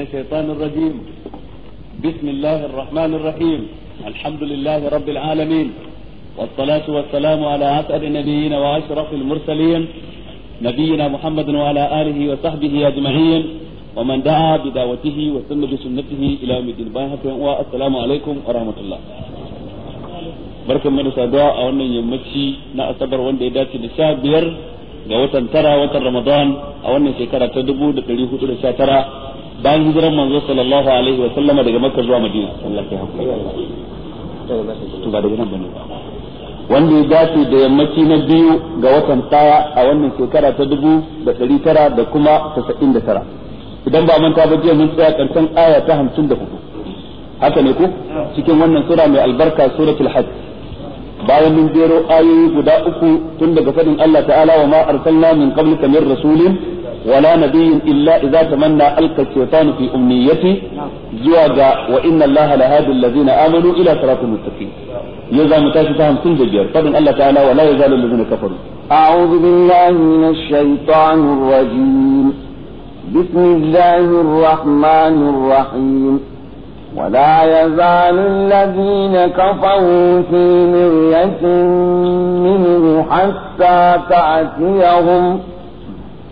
من الشيطان الرجيم بسم الله الرحمن الرحيم الحمد لله رب العالمين والصلاة والسلام على أسعد النبيين وأشرف المرسلين نبينا محمد وعلى آله وصحبه أجمعين ومن دعا بدعوته وسن بسنته إلى يوم الدين والسلام عليكم ورحمة الله barkan mu da saduwa a wannan yammaci na asabar wanda ya dace da sha biyar ga watan tara watan ramadan a wannan shekara ta dubu da ɗari hudu da sha tara bayan hijiran manzo sallallahu alaihi wa sallama daga makka zuwa madina ya wanda ya dace da yammaci na biyu ga watan taya a wannan shekara ta dubu da ɗari tara da kuma tasa'in da tara idan ba manta ba jiya mun tsaya karshen aya ta hamsin da hudu haka ne ko cikin wannan sura mai albarka suratul hajj bayan mun jero ayoyi guda uku tun daga faɗin Allah ta'ala wa ma arsalna min qablika min rasulin ولا نبي إلا إذا تمنى ألقى الشيطان في أمنيته زواجا وإن الله لهادي الذين آمنوا إلى صراط المستقيم يزا متاشي فهم سنجبير فضل الله تعالى ولا يزال الذين كفروا أعوذ بالله من الشيطان الرجيم بسم الله الرحمن الرحيم ولا يزال الذين كفروا في مرية منه حتى تأتيهم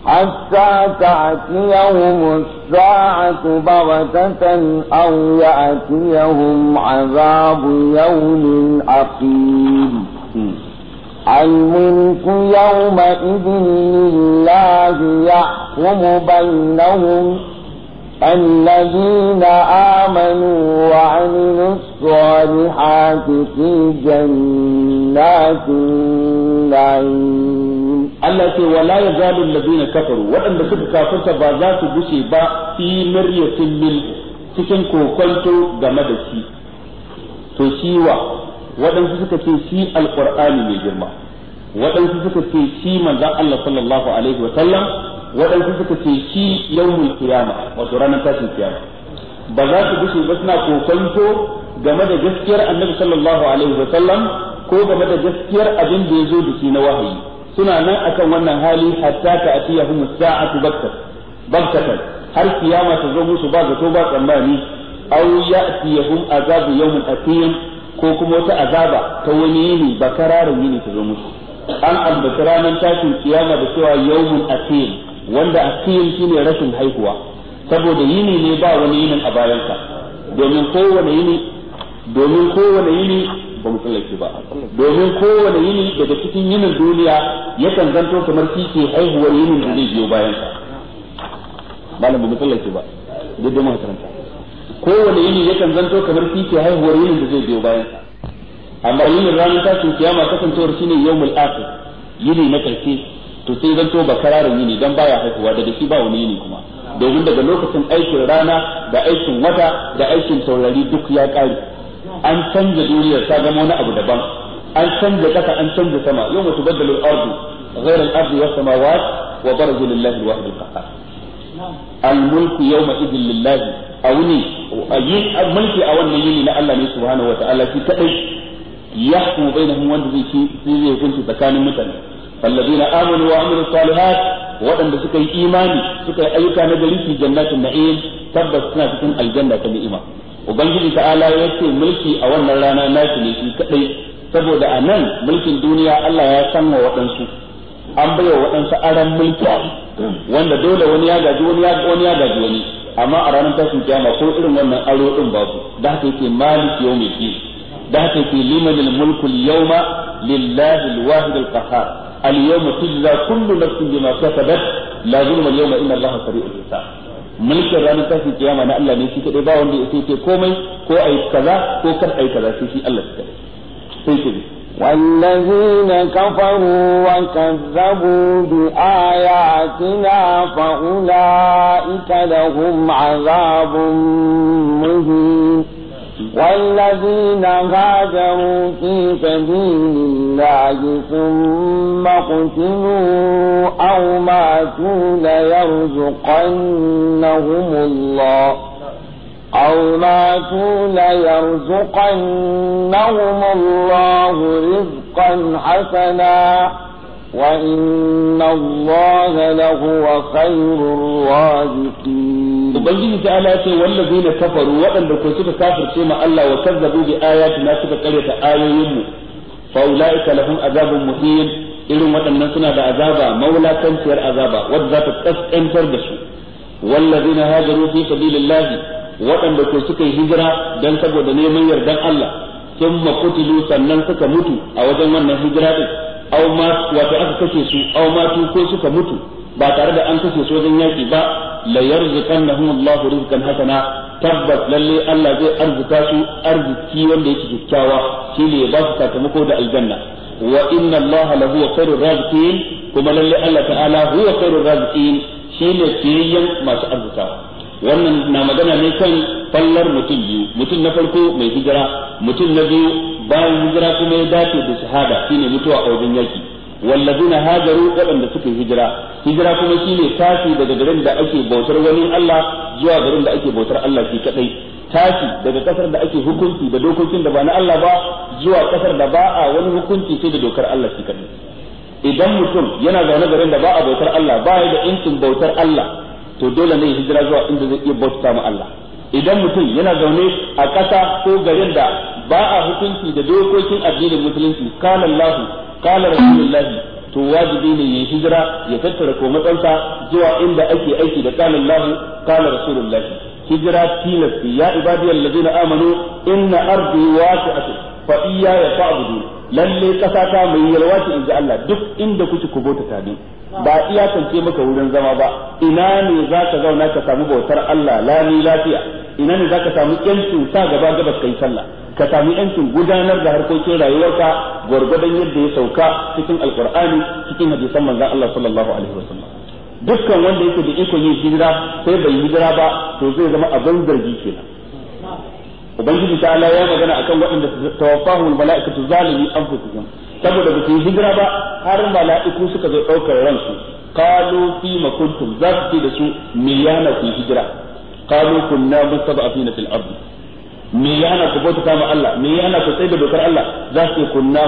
حتى تأتيهم الساعة بغتة أو يأتيهم عذاب يوم عقيم الملك يومئذ لله يحكم بينهم الذين آمنوا وعملوا الصالحات في جنات النعيم Allah ce wala yazalu alladhina kafaru waɗanda suka kafirta ba za su gushe ba fi miryatin min cikin kokonto game da shi to shi wa waɗansu suka ce shi alqur'ani mai girma waɗansu suka ce shi manzon Allah sallallahu alaihi wa sallam waɗansu suka ce shi yawmul qiyama wato ranar tashin kiyama ba za su gushe ba suna kokonto game da gaskiyar annabi sallallahu alaihi wa sallam ko game da gaskiyar abin da ya zo da shi na wahayi suna nan akan wannan hali hatta ta a atiyahum sa'atu bakta baktatan har kiyama ta zo musu ba zato ba tsammani au ya aw ya'tiyahum azabu yawmin aqim ko kuma wata azaba ta wani yini ba kararin yini ta zo musu an ambaci ranar tashin kiyama da cewa yawmin aqim wanda aqim shine rashin haihuwa saboda yini ne ba wani yinin a bayansa domin kowane yini domin kowane yini ba mu tsallake ba domin kowane yini daga cikin yinin duniya yakan zanto kamar shi ke haihuwar yinin da zai biyo bayan sa malam ba mu ba duk da makaranta kowane yini yakan zanto kamar shi ke haihuwar yinin da zai biyo bayan sa amma yinin ranar tashin kiyama kasancewar shine yawmul akhir yini na karshe to sai zanto ba kararin yini dan baya haihuwa daga shi ba wani yini kuma domin daga lokacin aikin rana da aikin wata da aikin saurari duk ya kare an canza duniyar ta zama wani abu daban an canza kasa an canza sama yau mutu baddalu al-ardu ghayra al-ardi was samawat wa barazu lillahi al-wahid al-qahhar al-mulku yawma idhin lillahi awni mulki a wannan yini na Allah ne subhanahu wa ta'ala shi kadai yahkumu bainahum wanda zai ci zai hukunci tsakanin mutane فالذين امنوا وعملوا الصالحات waɗanda suka yi imani suka yi ayyuka na gari fi jannatin na'im tabbas suna cikin aljanna ta ni'ima ubangiji ta'ala ya ce mulki a wannan rana nashi ne shi kadai saboda a nan mulkin duniya Allah ya san wa waɗansu an bai wa waɗansu aran mulki wanda dole wani ya gaji wani ya wani ya gaji wani amma a ranar tashin kiyama ko irin wannan aro din babu da haka yake malik yawmi din da haka yake limanil mulku yawma lillahi alwahid alqahhar al yawma tujza kullu nafsin bima kasabat la yawma inna allaha sari'ul hisab mulkin ranar tashin kiyama na Allah ne shi kadai ba wanda yake ce komai ko ayi kaza ko kar ayi kaza sai shi Allah shi kadai sai shi والذين كفروا وكذبوا بآياتنا فأولئك لهم عذاب مهين والذين هاجروا في سبيل الله ثم قتلوا أو ماتوا ليرزقنهم الله أو ماتوا ليرزقنهم الله رزقا حسنا وإن الله لهو خير الرازقين ubangiji ta ala ce na kafaru waɗanda ko suka kafirce ma Allah wa kazzabu bi suna suka karyata ayoyin mu fa ulaika lahum azabun muhin irin waɗannan suna da azaba maulakanciyar azaba wanda za ta kaskantar da su wallazina hajaru fi sabilillahi waɗanda ko suka yi hijira dan saboda neman yardan Allah sun qutilu sannan suka mutu a wajen wannan hijira din aw ma wato aka kashe su aw ma ko suka mutu ba tare da an ka su wajen yaki ba la yarzuqannahum Allahu rizqan hasana tabbas lalle Allah zai arzuta su arziki wanda yake kyakkyawa shine ba su sakamako da aljanna wa inna Allah la raziqin kuma lalle Allah ta'ala huwa khairur raziqin shine fiyayyen masu arzikawa wannan na magana ne kan fallar mutum biyu mutum na farko mai hijira mutum na biyu bayan hijira kuma ya dace da shahada shine mutuwa a wajen yaki wallazina hajaru waɗanda suka hijira hijira kuma shine tashi daga garin da ake bautar wani Allah zuwa garin da ake bautar Allah shi kadai tashi daga kasar da ake hukunci da dokokin da ba na Allah ba zuwa kasar da ba a wani hukunci sai da dokar Allah shi kadai idan mutum yana zaune garin da ba a bautar Allah ba ya da intin bautar Allah to dole ne hijira zuwa inda zai iya bauta ma Allah idan mutum yana zaune a kasa ko garin da ba a hukunci da dokokin addinin musulunci kana Allah qala rasulullahi to wajibi ne yayi hijira ya tattara komatsansa zuwa inda ake aiki da qala Allah qala rasulullahi hijira tilasti ya ibadiyal ladina amanu inna ardi ya fa iyya fa'budu lalle kasa ta mai yalwa ce inji Allah duk inda kuke ku bauta ta ne ba iyakance maka wurin zama ba ina ne zaka zauna ka samu bautar Allah ni lafiya ina ne zaka samu yancin sa gaba gaba kai sallah ka sami yancin gudanar da harkokin rayuwarka gwargwadon yadda ya sauka cikin alkur'ani cikin hadisan manzon Allah sallallahu alaihi wasallam dukkan wanda yake da iko yin hijira sai bai hijira ba to zai zama abin zargi kenan ubangiji ta Allah ya magana akan waɗanda tawaffahumul mala'ikatu zalimi anfusuhum saboda ba su yi hijira ba har mala'iku suka zo ɗaukar ransu qalu fi ma kuntum za su ce da su me yana ku hijira qalu kunna mustada'afina fil ardi me ya hana ku bauta ma Allah me ya hana ku tsaye da dokar Allah za su kunna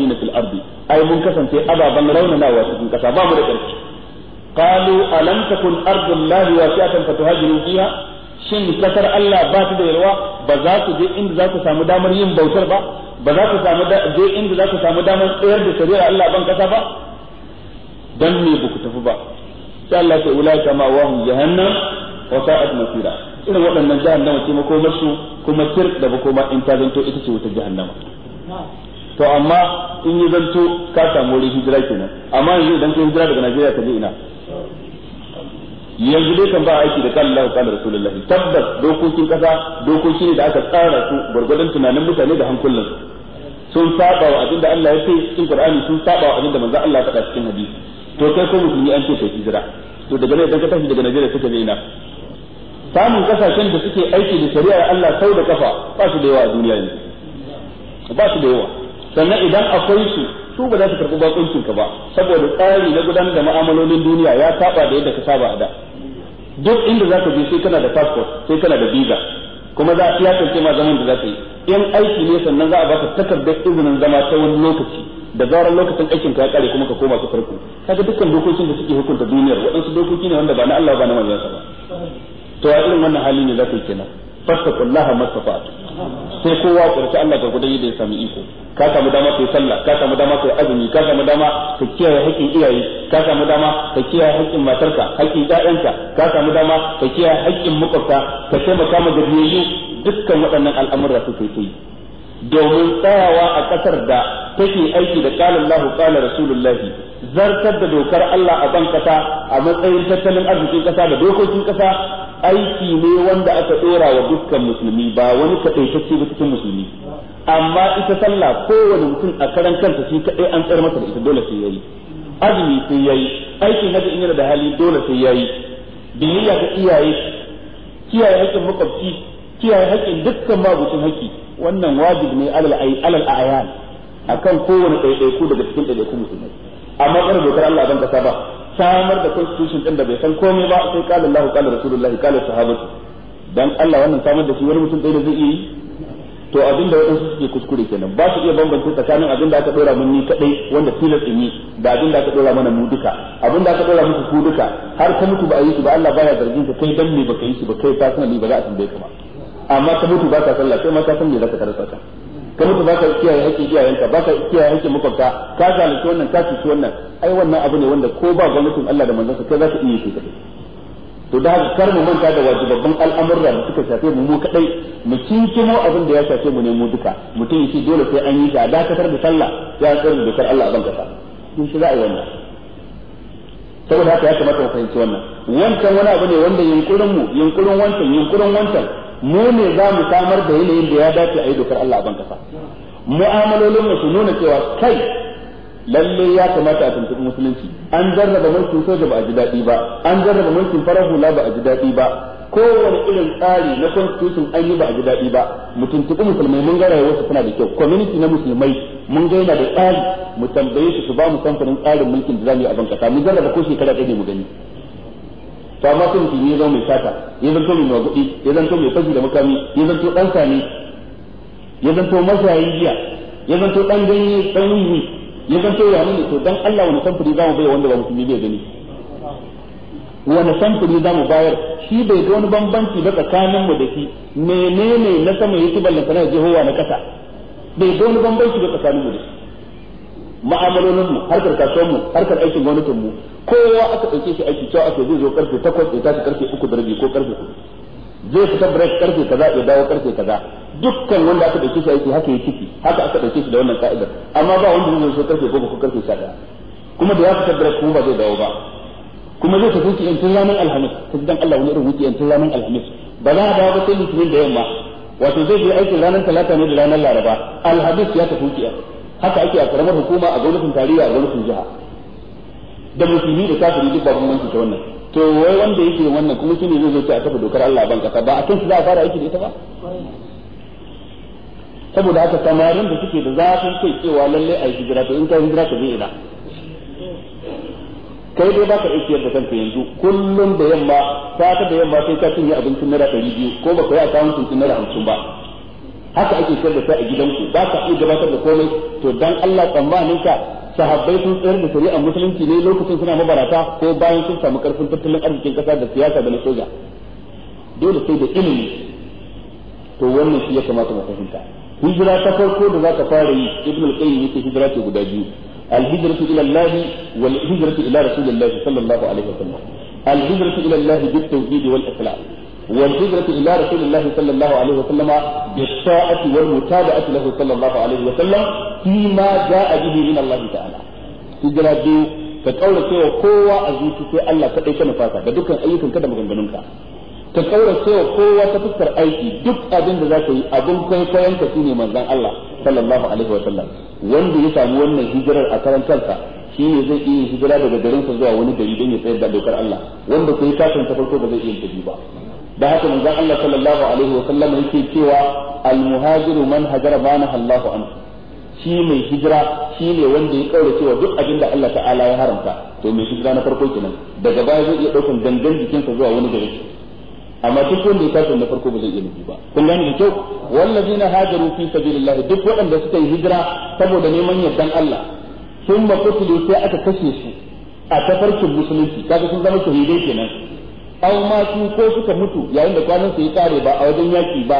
fina fil ardi ai mun kasance ababan raunanawa cikin kasa ba mu da karfi qalu alam takun ardullahi wasi'atan fatuhajiru fiha shin kasar Allah ba ta da yalwa ba za ku je inda za ku samu damar yin bautar ba ba za ku samu je inda za ku samu damar tsayar da shari'ar Allah ban kasa ba dan me ba ku tafi ba sai Allah ya ulaka ma wahum jahannam wa sa'at masira irin waɗannan jahannama ce makomar kuma tir da makoma in ta zanto ita ce wutar jahannama to amma in yi zanto ka samu wurin hijira kenan amma yanzu idan ka hijira daga Najeriya ka je ina yanzu dai kan ba aiki da kan Allah da Rasulullah tabbas dokokin kasa dokoki ne da aka tsara su gurgurdan tunanin mutane da hankulan sun saba wa abin da Allah ya ce cikin Qur'ani sun saba wa abin da manzo Allah ya faɗa cikin hadisi to kai ko musulmi an ce kai hijira to daga nan idan ka tafi daga Najeriya suka ta ina samun kasashen da suke aiki da shari'ar Allah sau da kafa ba su da yawa a duniya ne ba su da yawa sannan idan akwai su su ba za su karɓi bakuncin ka ba saboda tsari na gudanar da ma'amalolin duniya ya taba da yadda ka saba a da duk inda za ka je sai kana da passport sai kana da visa kuma za a iyakance ma zaman da za ka yi in aiki ne sannan za a baka takardar izinin zama ta wani lokaci da zarar lokacin aikin ka ya kare kuma ka koma ka farko kaga dukkan dokokin da suke hukunta duniyar waɗansu dokoki ne wanda ba na Allah ba na manyan sa ba to a irin wannan hali ne za ku kenan fastaqullaha mastata'tu sai kowa kurci Allah ga gudan yadda ya sami iko ka samu dama kai sallah ka samu dama kai azumi ka samu dama ka kiyaye haƙƙin iyaye ka samu dama ka kiyaye haƙƙin matarka haƙƙin ƴaƴanka ka samu dama ka kiyaye haƙƙin makwabta ka taimaka ma gajiyayyu dukkan waɗannan al'amura su kai kai domin tsayawa a ƙasar da take aiki da qala Allahu qala Rasulullahi zartar da dokar Allah a ban kasa a matsayin tattalin arzikin kasa da dokokin kasa aiki ne wanda aka dora wa dukkan musulmi ba wani kadaitacce ba cikin musulmi amma ita sallah kowane mutum a karan kanta shi kadai an tsayar masa da ita dole sai yayi azumi sai yayi aikin haji in yana da hali dole sai yayi biyayya ga iyaye kiyaye haƙƙin makwabci kiyaye haƙƙin dukkan mabucin haƙƙi wannan wajib ne alal alal ayan akan kowane ɗaiɗaiku daga cikin ɗaiɗaiku musulmai amma kar dokar Allah ban kasa ba samar da constitution din da bai san komai ba sai qala Allah qala Rasulullahi qala sahabatu dan Allah wannan samar da shi wani mutum dai da zai yi to abinda waɗansu suke kuskure kenan ba su iya bambance tsakanin abinda aka dora mun ni kadai wanda tilas in yi da abinda aka dora mana mu duka abinda aka dora muku ku duka har ka mutu ba a yi shi ba Allah baya zargin ka kai dan ne baka yi shi ba kai personally ba za a tambaye ka ba amma ka mutu ba ka sallah sai ma ka san me zaka ka karasa ka ka mutu baka kiyaye hakkin iyayenka baka kiyaye hakkin makwabta ka zalunci wannan ka cuci wannan ai wannan abu ne wanda ko ba gwamnatin Allah da sa kai za ka iya shi kadai to da haka kar mu manta da wajibabban al'amuran da suka shafe mu mu kadai mu kinkimo abin da ya shafe mu ne mu duka mutum yace dole sai an yi shi a dakatar da sallah ya tsare da dokar Allah a ban kasa in shi za a yi wannan saboda haka ya kamata mu fahimci wannan wancan wani abu ne wanda yunkurin mu yunkurin wancan yunkurin wancan mu ne za mu samar da yanayin da ya dace a yi dokar Allah a ban kasa mu'amalolin mu su nuna cewa kai lalle ya kamata a tuntuɓi musulunci an jarraba mulkin soja ba a ji daɗi ba an jarraba mulkin farar hula ba a ji daɗi ba kowane irin tsari na constitution an yi ba a ji daɗi ba mu tuntuɓi musulmai mun ga wasu suna da kyau community na musulmai mun ga yana da tsari mu tambaye su su ba mu samfurin tsarin mulkin da za mu yi a ban kasa mu jarraba ko shekara ɗaya mu gani to ma sun mutum ne zo mai sata ya zanto mai magudi ya zanto mai fashi da makami ya zanto dan sani ya zanto masayi jiya ya zanto dan ganye dan wiwi ya zanto ya ne to dan Allah wani samfuri zamu bai wanda ba musulmi bai gani wani samfuri zamu bayar shi bai ga wani bambanci ba tsakanin mu da shi menene na sama yake kana Jehova na kasa bai ga wani bambanci ba tsakanin mu da shi ma'amalolin mu harkar kasuwar mu harkar aikin gwamnatin mu kowa aka ɗauke shi aiki cewa aka zai zo karfe 8 ya tashi karfe uku da rabi ko karfe 4 zai fita break karfe kaza ya dawo karfe kaza dukkan wanda aka ɗauke shi aiki haka ya ciki haka aka ɗauke shi da wannan ka'idar amma ba wanda zai zo karfe 10 ko karfe 11 kuma da ya fita break kuma ba zai dawo ba kuma zai tafi ki yantin ranar alhamis ta dan Allah wani irin wuki yantin ranar alhamis ba za a dawo ba sai litinin da yamma wato zai je aikin ranar talata ne da ranar laraba alhamis ya tafi ki haka ake a karamar hukuma a gwamnatin tarayya a gwamnatin jiha da musulmi da kafiri duk babban manci ta wannan to wai wanda yake wannan kuma shine zai zo ce a kafa dokar Allah ban kasa ba a kan shi za a fara aiki da ita ba saboda haka samarin da suke da zafin kai cewa lalle a hijira to in ka hijira ka zai ina kai dai baka aiki yadda kanka yanzu kullum da yamma ta da yamma sai ka cinye abincin naira ɗari biyu ko baka yi akawuncin naira 50 ba haka ake kar da sai a gidanku ba ka iya gabatar da komai to dan Allah tsammanin ka sahabbai sun tsayar da shari'ar musulunci ne lokacin suna mabarata ko bayan sun samu karfin tattalin arzikin kasa da siyasa da na soja dole sai da ilimi to wannan shi ya kamata mu fahimta hijira ta farko da za ka fara yi ibn al-qayyim yake hijira ce guda biyu al-hijratu ila Allah wal hijratu ila Rasulillah sallallahu alaihi wasallam al-hijratu ila Allah bit والهجرة إلى رسول الله صلى الله عليه وسلم بالطاعة والمتابعة له صلى الله عليه وسلم فيما جاء به من الله تعالى هجرة دي ka kaurace wa kowa a zuci sai Allah ka ɗauke nufata da dukkan ayyukan ka da maganganunka ka kaurace wa kowa ta fuskar aiki duk abin da za ka yi abin kwaikwayon ka shine manzon Allah sallallahu alaihi wa sallam ya samu wannan hijirar a karan shi ne zai iya hijira daga garinsa zuwa wani gari don ya tsayar da dokar Allah wanda kai kafin ta farko ba zai iya tafi ba da haka manzon Allah sallallahu alaihi wa sallam yake cewa al-muhajiru man hajara bana Allah anhu shi mai hijira shi ne wanda ya kaura cewa duk abinda Allah ta'ala ya haramta to mai hijira na farko kenan daga baya zai iya daukan jikin jikinsa zuwa wani gari amma duk wanda ya tashi na farko ba zai iya nufi ba kun gane da kyau wallazina hajaru fi sabilillah duk waɗanda suka yi hijira saboda neman yardan Allah sun ba kutulu sai aka kashe su a tafarkin musulunci kaga sun zama shahidai kenan aw matu ko suka mutu yayin da kwanan su ya kare ba a wajen yaki ba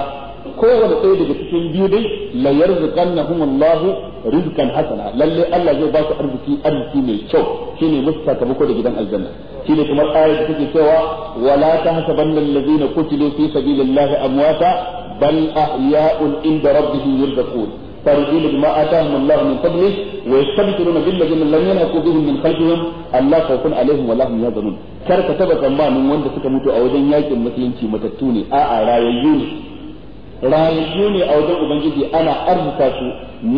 kowane ɗaya daga cikin biyu dai la yarzuqannahum Allah rizqan hasana lalle Allah zai ba su arziki arziki mai kyau shine musu sakamako da gidan aljanna shine kuma ayar da take cewa wala tahsabanna alladhina qutilu fi sabilillahi amwata bal ahya'un inda rabbihim yurzaqun ترجيل بما آتاهم الله من فضله ويستبشرون بالذين لم يلحقوا بهم من خلفهم الله خوف عليهم ولا هم يحزنون kar ka taba tsammanin wanda suka mutu a wajen yakin musulunci matattu ne a'a rayayyu ne ne a wajen ubangiji ana arzuta su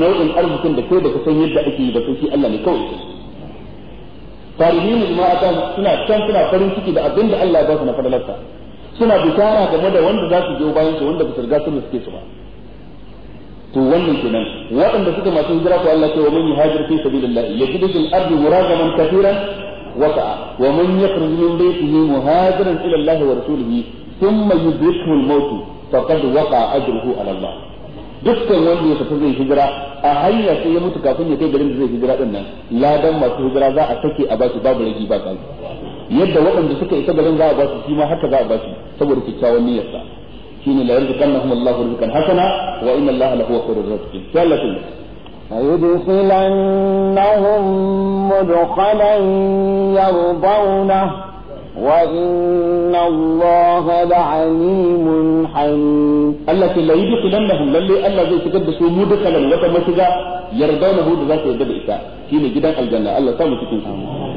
nau'in arzikin da kai da san yadda ake yi da kai Allah ne kawai tarihi mu ma suna can suna farin ciki da abinda Allah ya ba su na fadalarsa suna bishara game da wanda za su je bayan su wanda ba su riga sun suke su ba to wannan kenan waɗanda suka masu hijira ko Allah ce wa man yuhajir fi sabilillah yajidu fil ardi muragaman kathiran wata. wa man yakhruju min baytihi muhajiran ila Allah wa rasulihi thumma yudrikuhu al-maut faqad waqa ajruhu ala Allah dukkan wanda ya tafi zai hijira a hanya sai ya mutu kafin ya kai garin da zai hijira din nan ladan masu hijira za a take a basu babu ragi ba yadda waɗanda suka isa garin za a basu shi ma haka za a basu saboda kyakkyawan niyyarsa shine la yarzuqannahum Allahu rizqan hasana wa inna Allaha lahu khairur raziqin sallallahu فيدخلنهم مدخلا يرضونه وإن الله لعليم حليم التي لا يدخلنهم للي ألا زي تقدس مدخلا وتمسجا يرضونه ذات يدب إساء شين جدا الجنة الله سامو تكون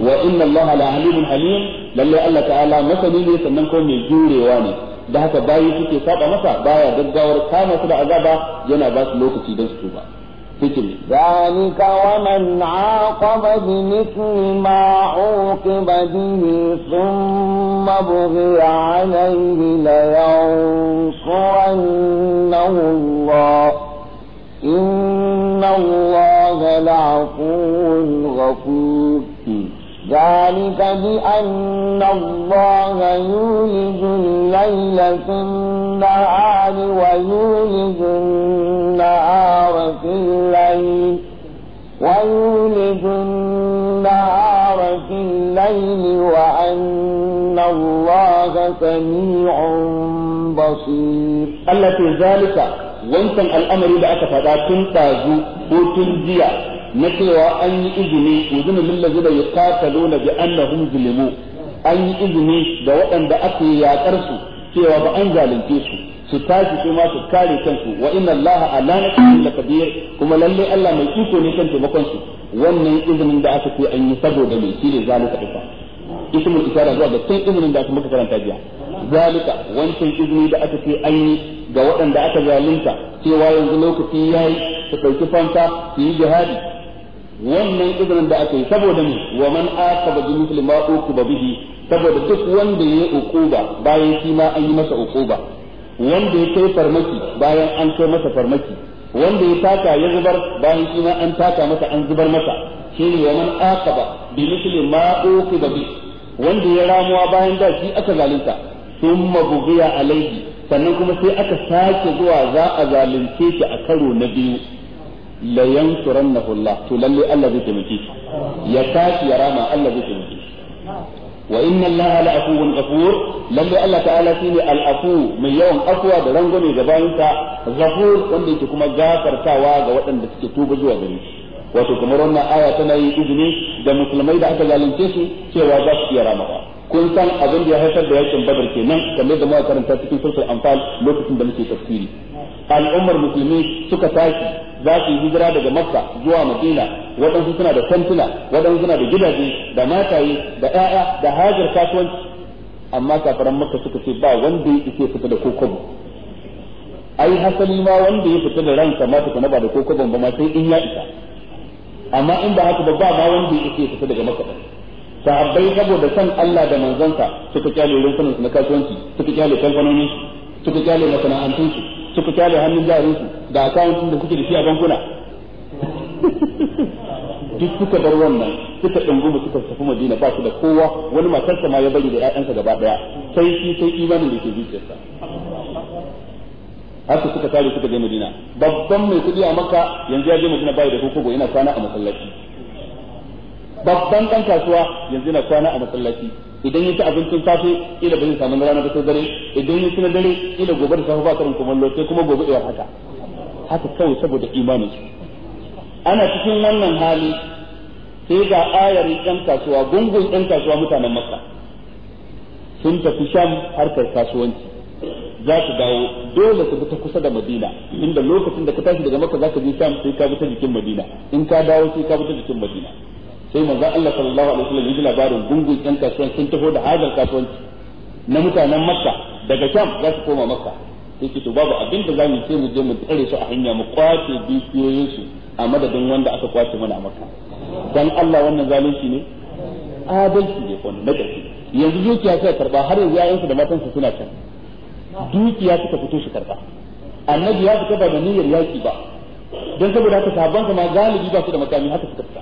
وإن الله لعليم حليم للي ألا تعالى مثلي لي سننكم يجوري واني da haka bayi suke saba masa baya gaggawar kama su da azaba yana ba su lokaci don su tuba ni zalika wa man aqaba bi mithli ma uqiba bihi thumma bughi alayhi la yansurannahu Allah inna ghafur ذلك بأن الله يولج الليل في النهار ويولج النهار في الليل ويولج النهار في الليل وأن الله سميع بصير التي ذلك وانتم الأمر لأكفة كنت تاجو وتنجيه na cewa an yi izini izini lillazina yuqataluna bi annahum zulimu an yi izini da waɗanda aka yi yakar su cewa ba an zalunce su su tashi su ma su kare kansu wa inna allaha ala nasrihim laqadir kuma lalle Allah mai iko ne kan taimakon su wannan izinin da aka ce an yi saboda mai shi ne zalika duka ismul isara zuwa da tun izinin da aka muka karanta jiya zalika wancan izini da aka ce an yi ga waɗanda aka zalunta cewa yanzu lokaci yayi su ɗauki fanka su yi jihadi wannan izinin da aka yi saboda mu wa man aqaba bi mithli ma uquba bihi saboda duk wanda yayi uquba bayan shi ma an yi masa uquba wanda ya kai farmaki bayan an kai masa farmaki wanda ya taka ya zubar bayan shi ma an taka masa an zubar masa shine wa man aqaba bi mithli ma uquba bihi wanda ya ramuwa bayan da shi aka zalunta thumma bughiya alayhi sannan kuma sai aka sake zuwa za a zalunce shi a karo na biyu la yansurannahu Allah to lalle Allah zai taimake shi ya tashi ya rama Allah zai taimake shi wa inna Allah la afuwun ghafur lalle Allah ta'ala shine al-afu mai yawan afwa da rangwame ga bayinsa ghafur wanda yake kuma gafartawa ga waɗanda suke tuba zuwa gare shi wato kamar wannan aya tana yi izini da musulmai da aka zalunce su cewa za su iya ramawa kun san abin da ya haifar da yakin badar kenan kamar da muka karanta cikin suratul anfal lokacin da muke tafsiri al'ummar musulmi suka tashi za su yi hijira daga makka zuwa madina waɗansu suna da kantuna waɗansu suna da gidaje da mataye da ƴaƴa da hajar kasuwanci amma kafaran makka suka ce ba wanda ya ke fita da kokobo ai hasali ma wanda ya fita da ransa ma tukuna ba da kokobon ba ma sai in ya isa amma in ba haka ba ba ma wanda ya ke fita daga makka sahabbai saboda san Allah da manzansa suka kyale rumfunan na kasuwanci suka kyale kamfanonin suka kyale masana'antunsu suka kyale hannun jarinsu da akawuntun da kuke da shi a bankuna duk suka bar wannan suka mu suka tafi madina ba su da kowa wani matarsa ma ya bari da ƴaƴansa gaba ɗaya sai shi sai imanin da ke zuciyarsa haka suka tare suka je madina babban mai kuɗi a makka yanzu ya je madina bai da kokogo yana kwana a masallaci babban dan kasuwa yanzu na kwana a masallaci idan ya abincin safe ila ba samu na rana ba sai dare idan ya na dare ila gobe da safe ba karin kumallo sai kuma gobe iya haka haka kawai saboda imani ana cikin wannan hali sai ga ayar dan kasuwa gungun yan kasuwa mutanen makka sun tafi sham harkar kasuwanci za su dawo dole su bi ta kusa da madina inda lokacin da ka tashi daga makka za ka je sham sai ka bi ta jikin madina in ka dawo sai ka bi ta jikin madina sai manzon Allah sallallahu alaihi wasallam ya labarin gungun ɗan kasuwan sun taho da hajar kasuwanci na mutanen Makka daga Sham za su koma Makka sai ce to babu abin da ce mu je mu tsare su a hanya mu kwace dukiyoyin su a madadin wanda aka kwace mana a Makka dan Allah wannan zalunci ne adalci ne ko na ƙarfi yanzu dukiya sai karba har yanzu da suna can dukiya suka fito su karba annabi ya fita ba da niyyar yaki ba don saboda haka sahabban ma galibi ba su da makami haka suka fita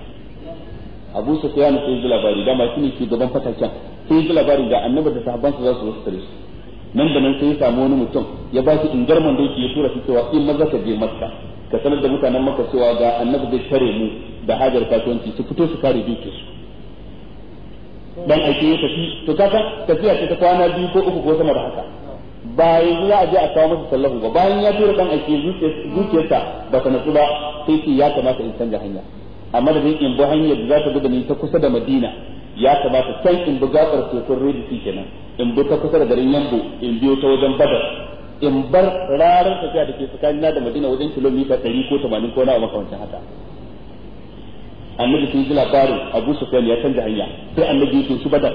abu sufyan sai ji labari dama shine shugaban fataken sai ji labari da annabi da sahabban su za su wasu tare shi nan da nan sai ya samu wani mutum ya ba shi ingarman doki ya tura shi cewa in maza ka je makka ka sanar da mutanen makka cewa ga annabi zai tare mu da hajar kasuwanci su fito su kare dukiyar su dan aike ya tafi to kaka tafiya ce ta kwana biyu ko uku ko sama da haka bayan za a je a kawo masa sallahu ba bayan ya tura dan aike zuciyarsa ba ta natsu ba sai ya kamata in canja hanya a madadin in bi hanyar da za ta buga ta kusa da madina ya kamata can in bi gabar tekun redisi kenan in bi ta kusa da garin yambo in biyo ta wajen badar in bar rarar tafiya da ke tsakanina da madina wajen kilomita ɗari ko tamanin ko na makamancin haka annabi sun ji labarin abu sufyan ya canza hanya sai annabi ya shi badar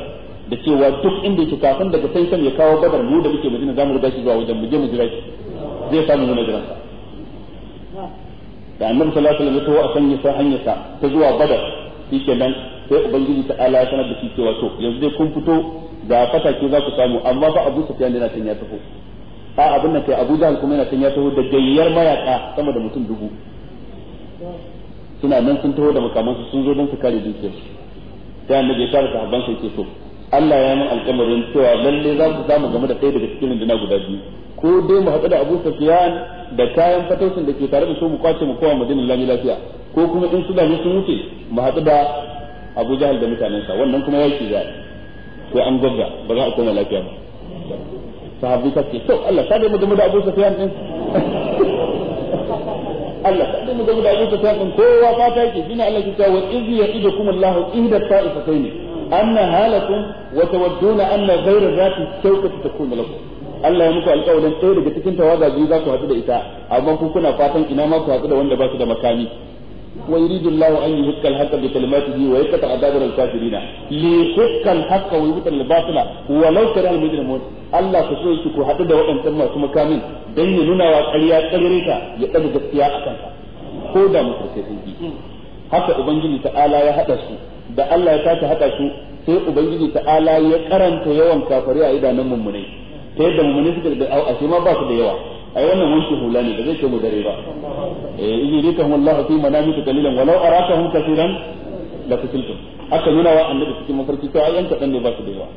da cewa duk inda yake kafin daga sai kan ya kawo badar mu da muke madina zamu riga shi zuwa wajen mu je mu jira shi zai samu mu na jiransa da annabi sallallahu alaihi wasallam ya a sanya sa hanyarsa ta zuwa badar shikenan sai ubangiji ta ala ya sanar da shi cewa to yanzu dai kun fito ga fatake za ku samu amma fa abu sufyan yana kan ya taho a abin nan sai abu jahal kuma yana kan ya taho da gayyar mayaka sama da mutum dubu suna nan sun taho da makamansu sun zo don su kare dukiyarsu sai annabi ya kare sahabban sai ke to Allah ya yi alƙamarin cewa lalle za ku samu game da kai daga cikin rundunar guda biyu ko dai mu haɗu da Abu Sufyan da kayan fataucin da ke tare da su mu kwace mu kowa Madina lami lafiya ko kuma in su da sun wuce mu haɗu da Abu Jahal da mutanensa wannan kuma yaki za sai an gwabza ba za a koma lafiya ba sahabbai ta ce to Allah ta dai mu da Abu Sufyan din Allah ta dai mu da Abu Sufyan din kowa fata yake shine Allah ke cewa iz ya'idukum Allahu ihda ta'ifatayn anna halakum wa tawadduna anna ghayra dhati shawkati takunu lakum Allah ya muku alƙawarin ɗaya daga cikin tawaga biyu za ku haɗu da ita amma ku kuna fatan ina ma ku haɗu da wanda ba su da makami wa yuridu Allah an yuhiqqa al-haqqa bi kalimatihi wa yaqta adabal al-kafirin li yuhiqqa al-haqqa wa yubtil al-batila wa law tara al-mujrimun Allah ku so ku haɗu da waɗannan masu makamin dan ya nuna wa ƙarya ƙaryarta ya ɗaga gaskiya akan ta ko da mutarkai sun haka ubangiji ta'ala ya haɗa su da Allah ya tashi haɗa su sai ubangiji ta'ala ya karanta yawan kafari a idanun mummunai ta yadda mummuni suka da a su ma ba su da yawa ai wannan wanki hula ne da zai ce mu dare ba eh idan dika wallahu fi manamika qalilan walau arakahum kaseeran la kutiltum aka nuna wa annabi cikin mafarki to ayyan kadan ne ba su da yawa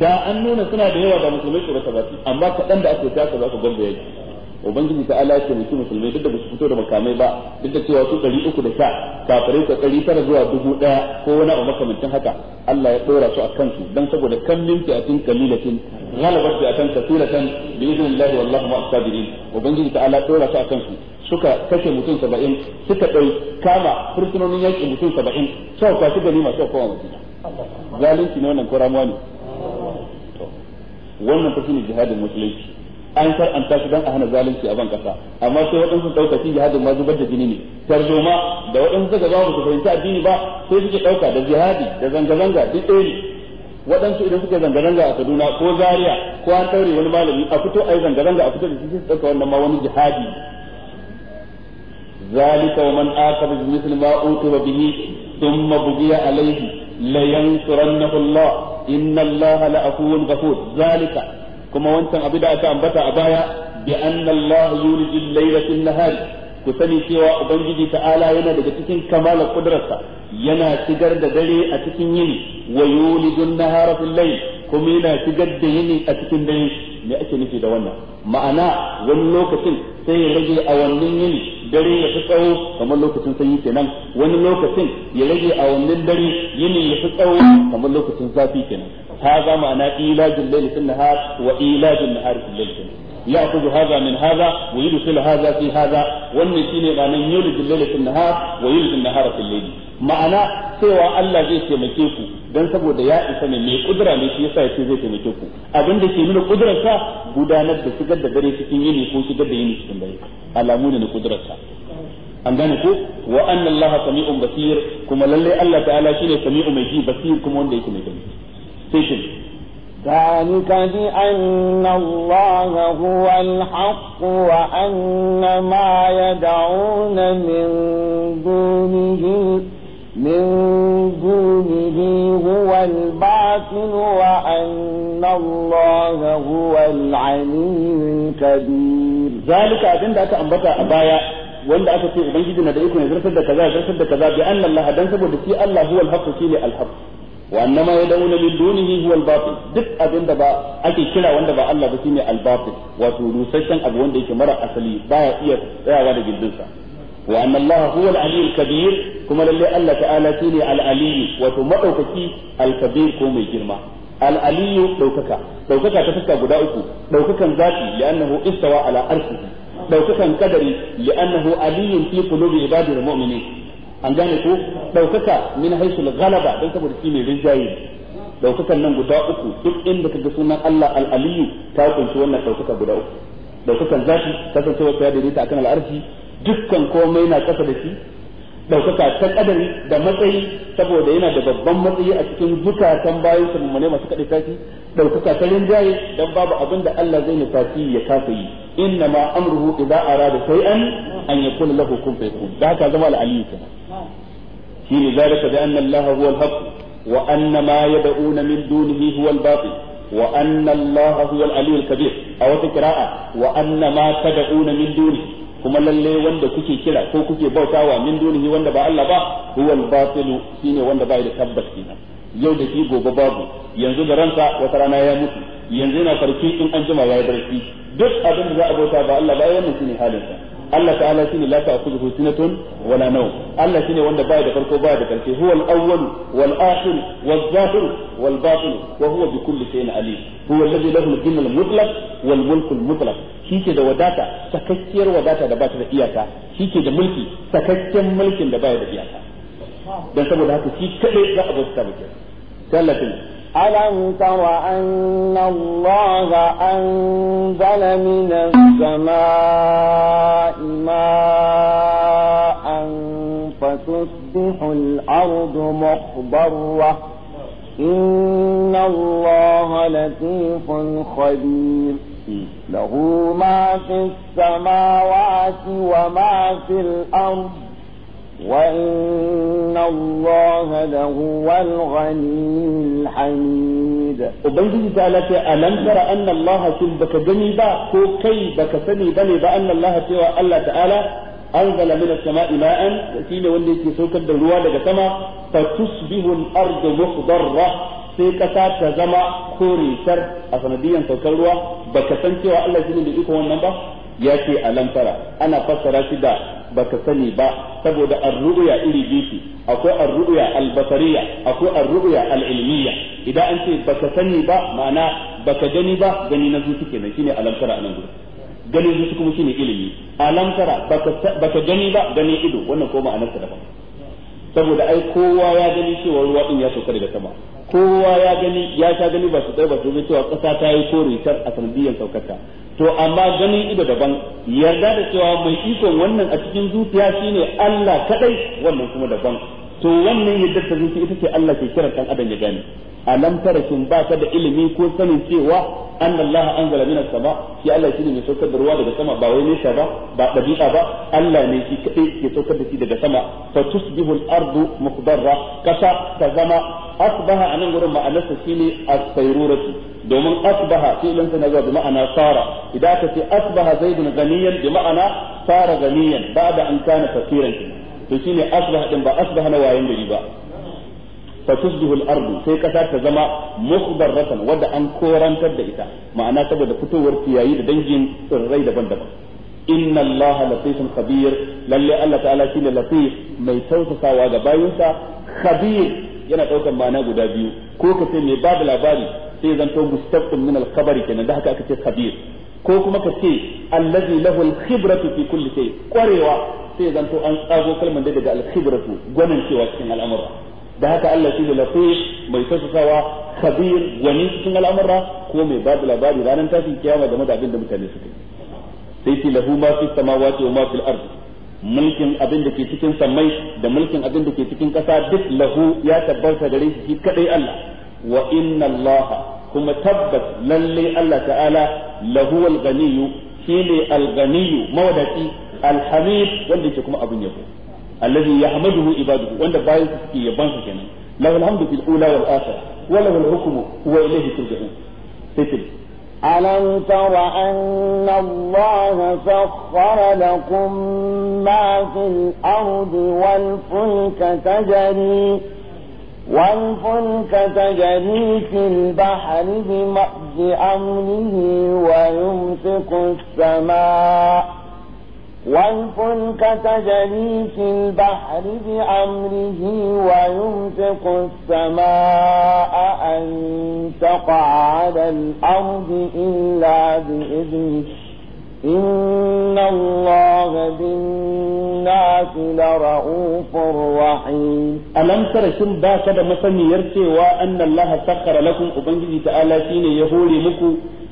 da an nuna suna da yawa da musulmai su rasa ba amma kadan da ake ta ka za ku gamba yake ubangiji ta ala ke mutum musulmai duk da ba su fito da makamai ba duk da cewa su ɗari uku da sha kafirai ko ɗari tara zuwa dubu ɗaya ko wani abu makamancin haka Allah ya ɗora su a kansu don saboda a tun kan min fi'atin qalilatin ghalabat fi'atan kathiratan bi idnillahi wallahu ma'as sabirin ubangiji ta ala ɗora su a kansu suka kashe mutum saba'in suka ɗau kama fursunonin yanki mutum saba'in sau su gani masu kowa mutum zalunci ne wannan ko ramuwa ne wannan fa shine jihadin musulunci an shar'anta shi dan a hana zalunci a ban kasa amma sai waɗansu ɗauka shi jihadin ma zubar da jini ne tarzoma da waɗansu daga ba su fahimci addini ba sai suke ɗauka da jihadi da zanga-zanga duk ɗaya ne waɗansu idan suke zanga-zanga a Kaduna ko Zaria ko an ɗaure wani malami a fito a yi zanga-zanga a fito da shi sai su ɗauka wannan ma wani jihadi zalika wa man ذلك ومن آخذ بمثل ما أوتي به ثم بقي عليه لينصرنه الله إن الله لعفو غفور zalika. kuma wancan abu da aka ambata a baya bi anna Allah yulijul layla fil nahar ku sani cewa ubangiji ta'ala yana daga cikin kamala kudrarsa yana shigar da dare a cikin yini wa yulijun nahara fil layl kuma yana shigar da yini a cikin dare me ake nufi da wannan ma'ana wani lokacin sai ya rage awannin yini dare ya fi tsawo kamar lokacin sanyi kenan wani lokacin ya rage awannin dare yini ya fi tsawo kamar lokacin zafi kenan هذا معنى إيلاج الليل في النهار وإيلاج النهار في الليل في النهار يأخذ هذا من هذا ويدخل هذا في هذا والنسين غانا يولد الليل في النهار ويولد النهار في الليل معنى سوى الله زي تمكيكو dan saboda ya isa ne mai kudura ne shi yasa yace zai taimake ku abin da ke nuna kudurarsa gudanar da shigar da dare cikin yini ko shigar da yini cikin dare alamu ne na kudurarsa an gane ko wa anna allaha sami'un basir kuma lalle Allah ta'ala shine sami'u mai ji basir kuma wanda yake mai gani سيشن ذلك بأن الله هو الحق وأن ما يدعون من دونه من دونه هو الباطل وأن الله هو العلي الكبير ذلك أبن ذاك أنبتا أبايا wanda aka ce ubangiji na da iko ne zartar da kaza zartar da kaza bi anna Allah dan saboda shi Allah huwa al-haqq shi ne al-haqq wa annama yad'una min dunihi huwa al-batil duk abin da ba ake kira wanda ba Allah ba shine al-batil wato rusasshen abu wanda yake mara asali baya iya tsayawa da gindinsa wa anna Allah huwa kabir kuma lallai Allah ta'ala ne al-ali wato madaukaki al-kabir ko mai girma al-ali daukaka daukaka ta fuska guda uku ɗaukakan daukakan zati li'annahu istawa ala arshihi daukakan kadari li'annahu aliyyun fi qulubi ibadihi al-mu'minin an gane ko daukaka min haisul galaba dan saboda shi ne rinjaye daukakan nan guda uku duk inda kaga sunan Allah al-aliyu ta kunshi wannan daukaka guda uku daukakan zati kasancewa ta daidaita akan al'arshi dukkan komai na kasa da shi ɗaukaka ta kadari da matsayi saboda yana da babban matsayi a cikin zukatan bayan su mu ne masu kaɗai tafi ɗaukaka ta rinjaye don babu abin da Allah zai nufaci ya kafa yi inna ma amruhu idza arada shay'an an yakuna lahu kun fayakun da haka zama al-aliyyu kenan shine zalika da anna Allah huwa al-haq wa anna ma yad'una min dunihi huwa al-batil wa anna Allah huwa al-aliyyu al-kabir a wata qira'a wa anna ma tad'una min dunihi kuma lalle wanda kuke kira ko kuke bautawa min dunihi wanda ba Allah ba huwal batilu shine wanda bai da tabbas kenan yau da shi gobe babu yanzu da ranka wata rana ya mutu yanzu yana farki in an jima yayi barci duk abin da za a bauta ba Allah ba wannan shine halin sa Allah ta'ala shine la ta'khudhuhu sinatun wala nawm Allah shine wanda bai da farko bai da karshe huwal awwal wal akhir wal zahir wal batin wa huwa bi kulli shay'in alim huwa alladhi lahu al-jinnu al-mutlaq wal mulku al-mutlaq shi ke da wadata sakakkiyar wadata da ba ta da iyaka shi ke da mulki sakakken mulkin da ba da iyaka dan saboda haka shi kadai za a bauta maka sallatin ألم تر أن الله أنزل من السماء ماء فتصبح الأرض مخضرة إن الله لطيف خبير له ما في السماوات وما في الأرض وإن الله لهو الغني الحميد وبنجي تعالى ألم ترى أن الله سبك جنبا كو كي بك سني بني بأن الله سوى الله تعالى أنزل من السماء ماء سين وندي كي سوكد الروا لك سما فتصبح الأرض مخضرة sai ƙasa ta zama kore shar a sanadiyan saukar ruwa baka san cewa Allah shi ne da iko wannan ba ya ce a lantara ana fassara shi da ka sani ba saboda ar iri biyu akwai ar-ru'ya al-basariya akwai ar al'ilmiya idan an ce ba ka sani ba ma'ana ka gani ba gani na zuci kenan shine a lantara a nan gudu gani zuci kuma shine ilimi a lantara ba ka gani ba gani ido wannan ko ma'anarsa daban saboda ai kowa ya gani cewa ruwa din ya sauka daga sama kowa ya gani ya sha gani ba su ɗaya ba su cewa ƙasa ta yi kore tar a sanadiyyar saukata to amma ganin ido daban yarda da cewa mai ikon wannan a cikin zuciya shine Allah kadai wannan kuma daban to wannan yadda ta zuci ita ce Allah ke kira dan adam ya gane alam tara kin ba ka da ilimi ko sanin cewa anna Allah anzala minas sama shi Allah shine mai saukar da ruwa daga sama ba wai nisha ba ba dabi'a ba Allah ne shi kadai ke saukar da shi daga sama fa tusbihu al-ardu mukhdarra kasa ta zama asbaha nan gurin ma'anarsa shine as-sayruratu domin asbaha fi'lan sana zuwa bi ma'ana sara idan aka ce asbaha zaidun ganiyan bi ma'ana sara ganiyan ba'da an kana fakiran to shine asbaha din ba asbaha na wayan gari ba fatusbihu al-ardu sai kasa ta zama mukhdaratan wadda an korantar da ita ma'ana saboda fitowar ciyayi da dangin tsirrai daban-daban inna allaha latifun khabir lalle Allah ta'ala shine latif mai tausasawa ga bayinsa khabir yana daukan ma'ana guda biyu ko ka ce mai babu labari sai zanto mustaqim min al-khabari kenan da haka aka ce khabir ko kuma ka ce allazi lahu al-khibratu fi kulli shay kwarewa sai zanto an tsago kalman da daga al-khibratu gwanin cewa cikin al'amura da haka Allah shi da mai tasasawa khabir gwani cikin al'amura ko mai babu labari ranar tafin kiyama game da abin da mutane suka yi sai ce lahu ma fi samawati wa ma fil ardi mulkin abin da ke cikin sammai da mulkin abin da ke cikin ƙasa duk lahu ya tabbata gare shi shi kadai Allah wa inna Allah kuma tabbas lalle Allah ta'ala lahu al-ganiyyu shine al-ganiyyu mawadati al-hamid wanda ke kuma abin yabo allazi yahmaduhu ibaduhu wanda bayan su suke yaban su kenan lahu al-hamdu fil ula wal akhirah wa lahu al-hukmu wa ilayhi turja'un sai ألم تر أن الله سخر لكم ما في الأرض والفلك تجري والفلك تجري في البحر بأمره ويمسك السماء والفلك تجري في البحر بأمره ويمسك السماء أن تقع على الأرض إلا بإذنه إن الله بالناس لرؤوف رحيم ألم تر شن باك da masaniyar cewa الله سخر لكم أبنجي ta'ala shine ya hore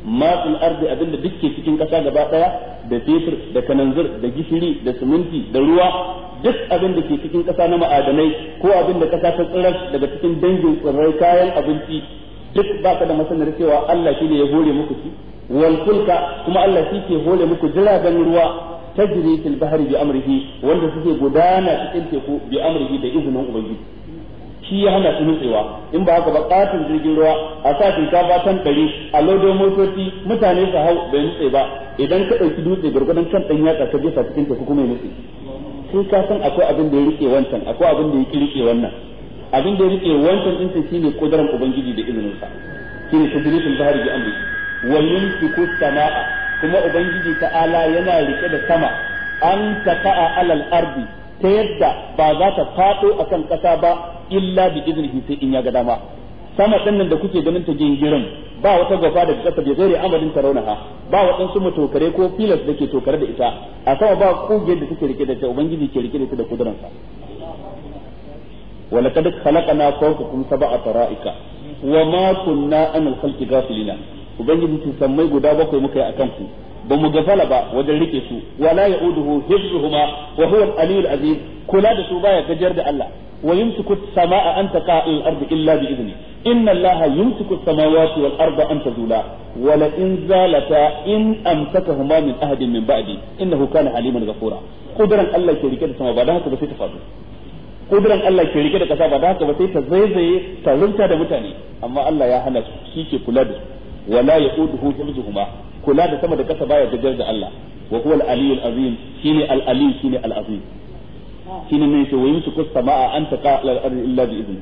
ma'ul abin abinda duk cikin kasa gaba daya da fetur da kananzir da gishiri da siminti da ruwa duk abin da ke cikin kasa na ma'adanai ko abin da kasa ta tsirar daga cikin dangin tsirrai kayan abinci duk ba ka da masanar cewa Allah shi ne ya hore muku shi wal kulka kuma Allah shi ke hore muku jiragen ruwa tajri fil bahri bi amrihi wanda suke gudana cikin teku bi amrihi da izinin ubangiji shi ya hana su nutsewa in ba haka ba katin jirgin ruwa a sa shinkafa kan ɗari a lodo motoci mutane su hau bai nutse ba idan ka ɗauki dutse gwargwadon kan ɗan yatsa ta jefa cikin teku kuma ya nutse sai ka san akwai abin da ya rike wancan akwai abin da ya ki rike wannan abin da ya rike wancan din sai shine kudaran ubangiji da izinin sa shine tadrisul bahri bi amri wa yumsiku samaa kuma ubangiji ta'ala yana rike da sama an taqa'a alal ardi ta yadda ba za ta fado akan kasa ba illa bi iznihi sai in ya ga dama sama din da kuke ganin ta gingirin ba wata gafa daga kasa bai zai amalin taraunaha ba waɗansu matokare ko filas da ke tokare da ita a sama ba kugiyar da take rike da ta ubangiji ke rike da ta da kuduransa ولقد خلقنا فوقكم سبع طرائق وما كنا عن الخلق غافلين ubangiji sun sammai guda bakwai muka yi akan ku ba mu gafala ba wajen rike su wala ya'uduhu hifzuhuma wa huwa al-aliyyul azim kula da su baya gajiyar da Allah wa yumsiku as-samaa an taqa'a al-ardu illa bi idni inna allaha yumsiku as-samawati wal arda an tazula wa la in zalata in amsakahuma min ahadin min ba'di innahu kana aliman ghafura qudran Allah ke rike da sama ba dan haka ta faɗo kuduran Allah ke rike da kasa ba da haka ba sai ta zaizaye ta rinta da mutane amma Allah ya hana su ke kula da su wala kula da sama da kasa baya gajar da Allah wa huwa al-aliyyul shine shine ne yace wa yumsiku samaa an taqa ala al-ardi illa bi idni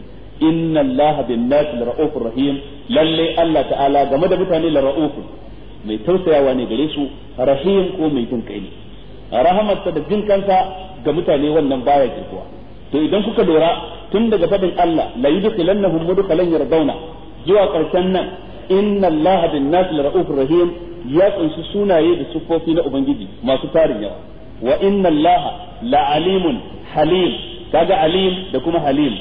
inna allaha bin nas laraufur rahim Allah ta'ala game da mutane larauf mai tausayawa ne gare su rahim ko mai jin kai rahamarsa da jin ga mutane wannan baya kirkuwa to idan kuka lura tun daga faɗin Allah la yudkhilannahum mudkhalan yardawna zuwa karshen nan inna allaha bin nas laraufur rahim ya kunshi sunaye da sufofi na ubangiji masu tarin yawa wa inna allaha la alimun halim kaga alim da kuma halim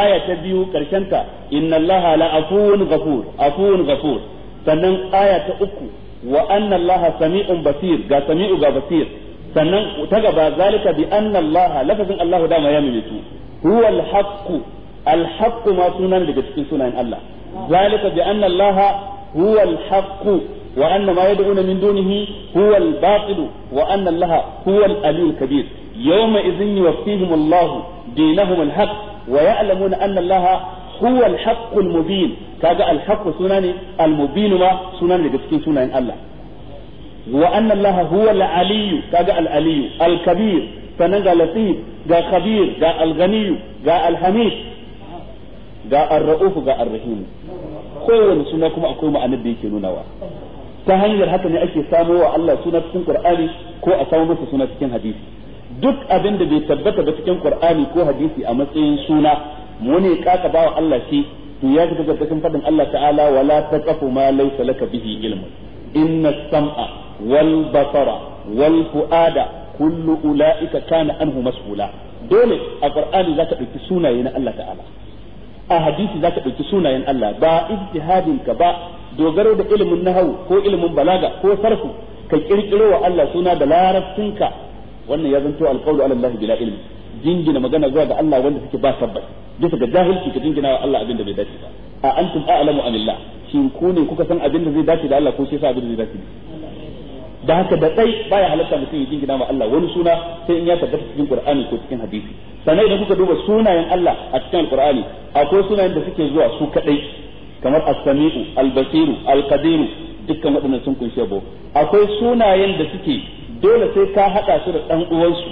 aya ta biyu karshenta inna allaha la afuwun gafur afuwun ghafur sannan aya ta uku wa anna allaha sami'un basir ga sami'u ga basir sannan ta gaba zalika bi anna allaha lafazin allahu dama ya mimitu huwa al-haqqu al-haqqu ma sunan daga cikin sunayen allah zalika bi anna allaha huwa al-haqqu wa wa kabir yawma idhin yuwaffihim Allah dinahum al-haq wa ya'lamuna anna Allah huwa al-haq al-mubin kaga al-haq suna ne al-mubin ma sunayen Allah wa anna Allah huwa al-aliy kaga al-aliy al-kabir sanan ga latif ga khabir ga al-ghani ga al-hamid ga ar ga ar-rahim suna kuma akwai ma'anar da yake nunawa ta hanyar haka ne ake samo wa Allah suna cikin Qur'ani ko a samu masa suna cikin hadisi duk abin da bai tabbata ba cikin qur'ani ko hadisi a matsayin suna mu ne kaka bawa Allah shi to ya ji daga cikin fadin Allah ta'ala wala taqafu ma laysa laka bihi ilmun inna sam'a wal basara wal fuada kullu ulaika kana anhu mas'ula dole a qur'ani zaka dauki sunaye na Allah ta'ala a hadisi zaka dauki sunayen Allah ba ijtihadin ka ba dogaro da ilimin nahawu ko ilimin balaga ko sarfu ka kirkiro wa Allah suna da larabcinka wannan ya zanto alqawlu ala Allah bila ilmi jingina magana zuwa ga Allah wanda take ba tabbas bisa ga jahilci ka jingina wa Allah abin da bai dace ba a antum a'lamu amillah shin ku ne kuka san abin da zai dace da Allah ko shi yasa abin da zai dace da haka da tsai baya halatta mutum ya jingina wa Allah wani suna sai in ya tabbata cikin Qur'ani ko cikin hadisi sannan idan kuka duba sunayen Allah a cikin Qur'ani akwai sunayen da suke zuwa su kadai kamar as-sami'u al-basiru al-qadiru dukkan waɗannan sun kunshi yabo akwai sunayen da suke dole sai ka haɗa su da ɗan uwansu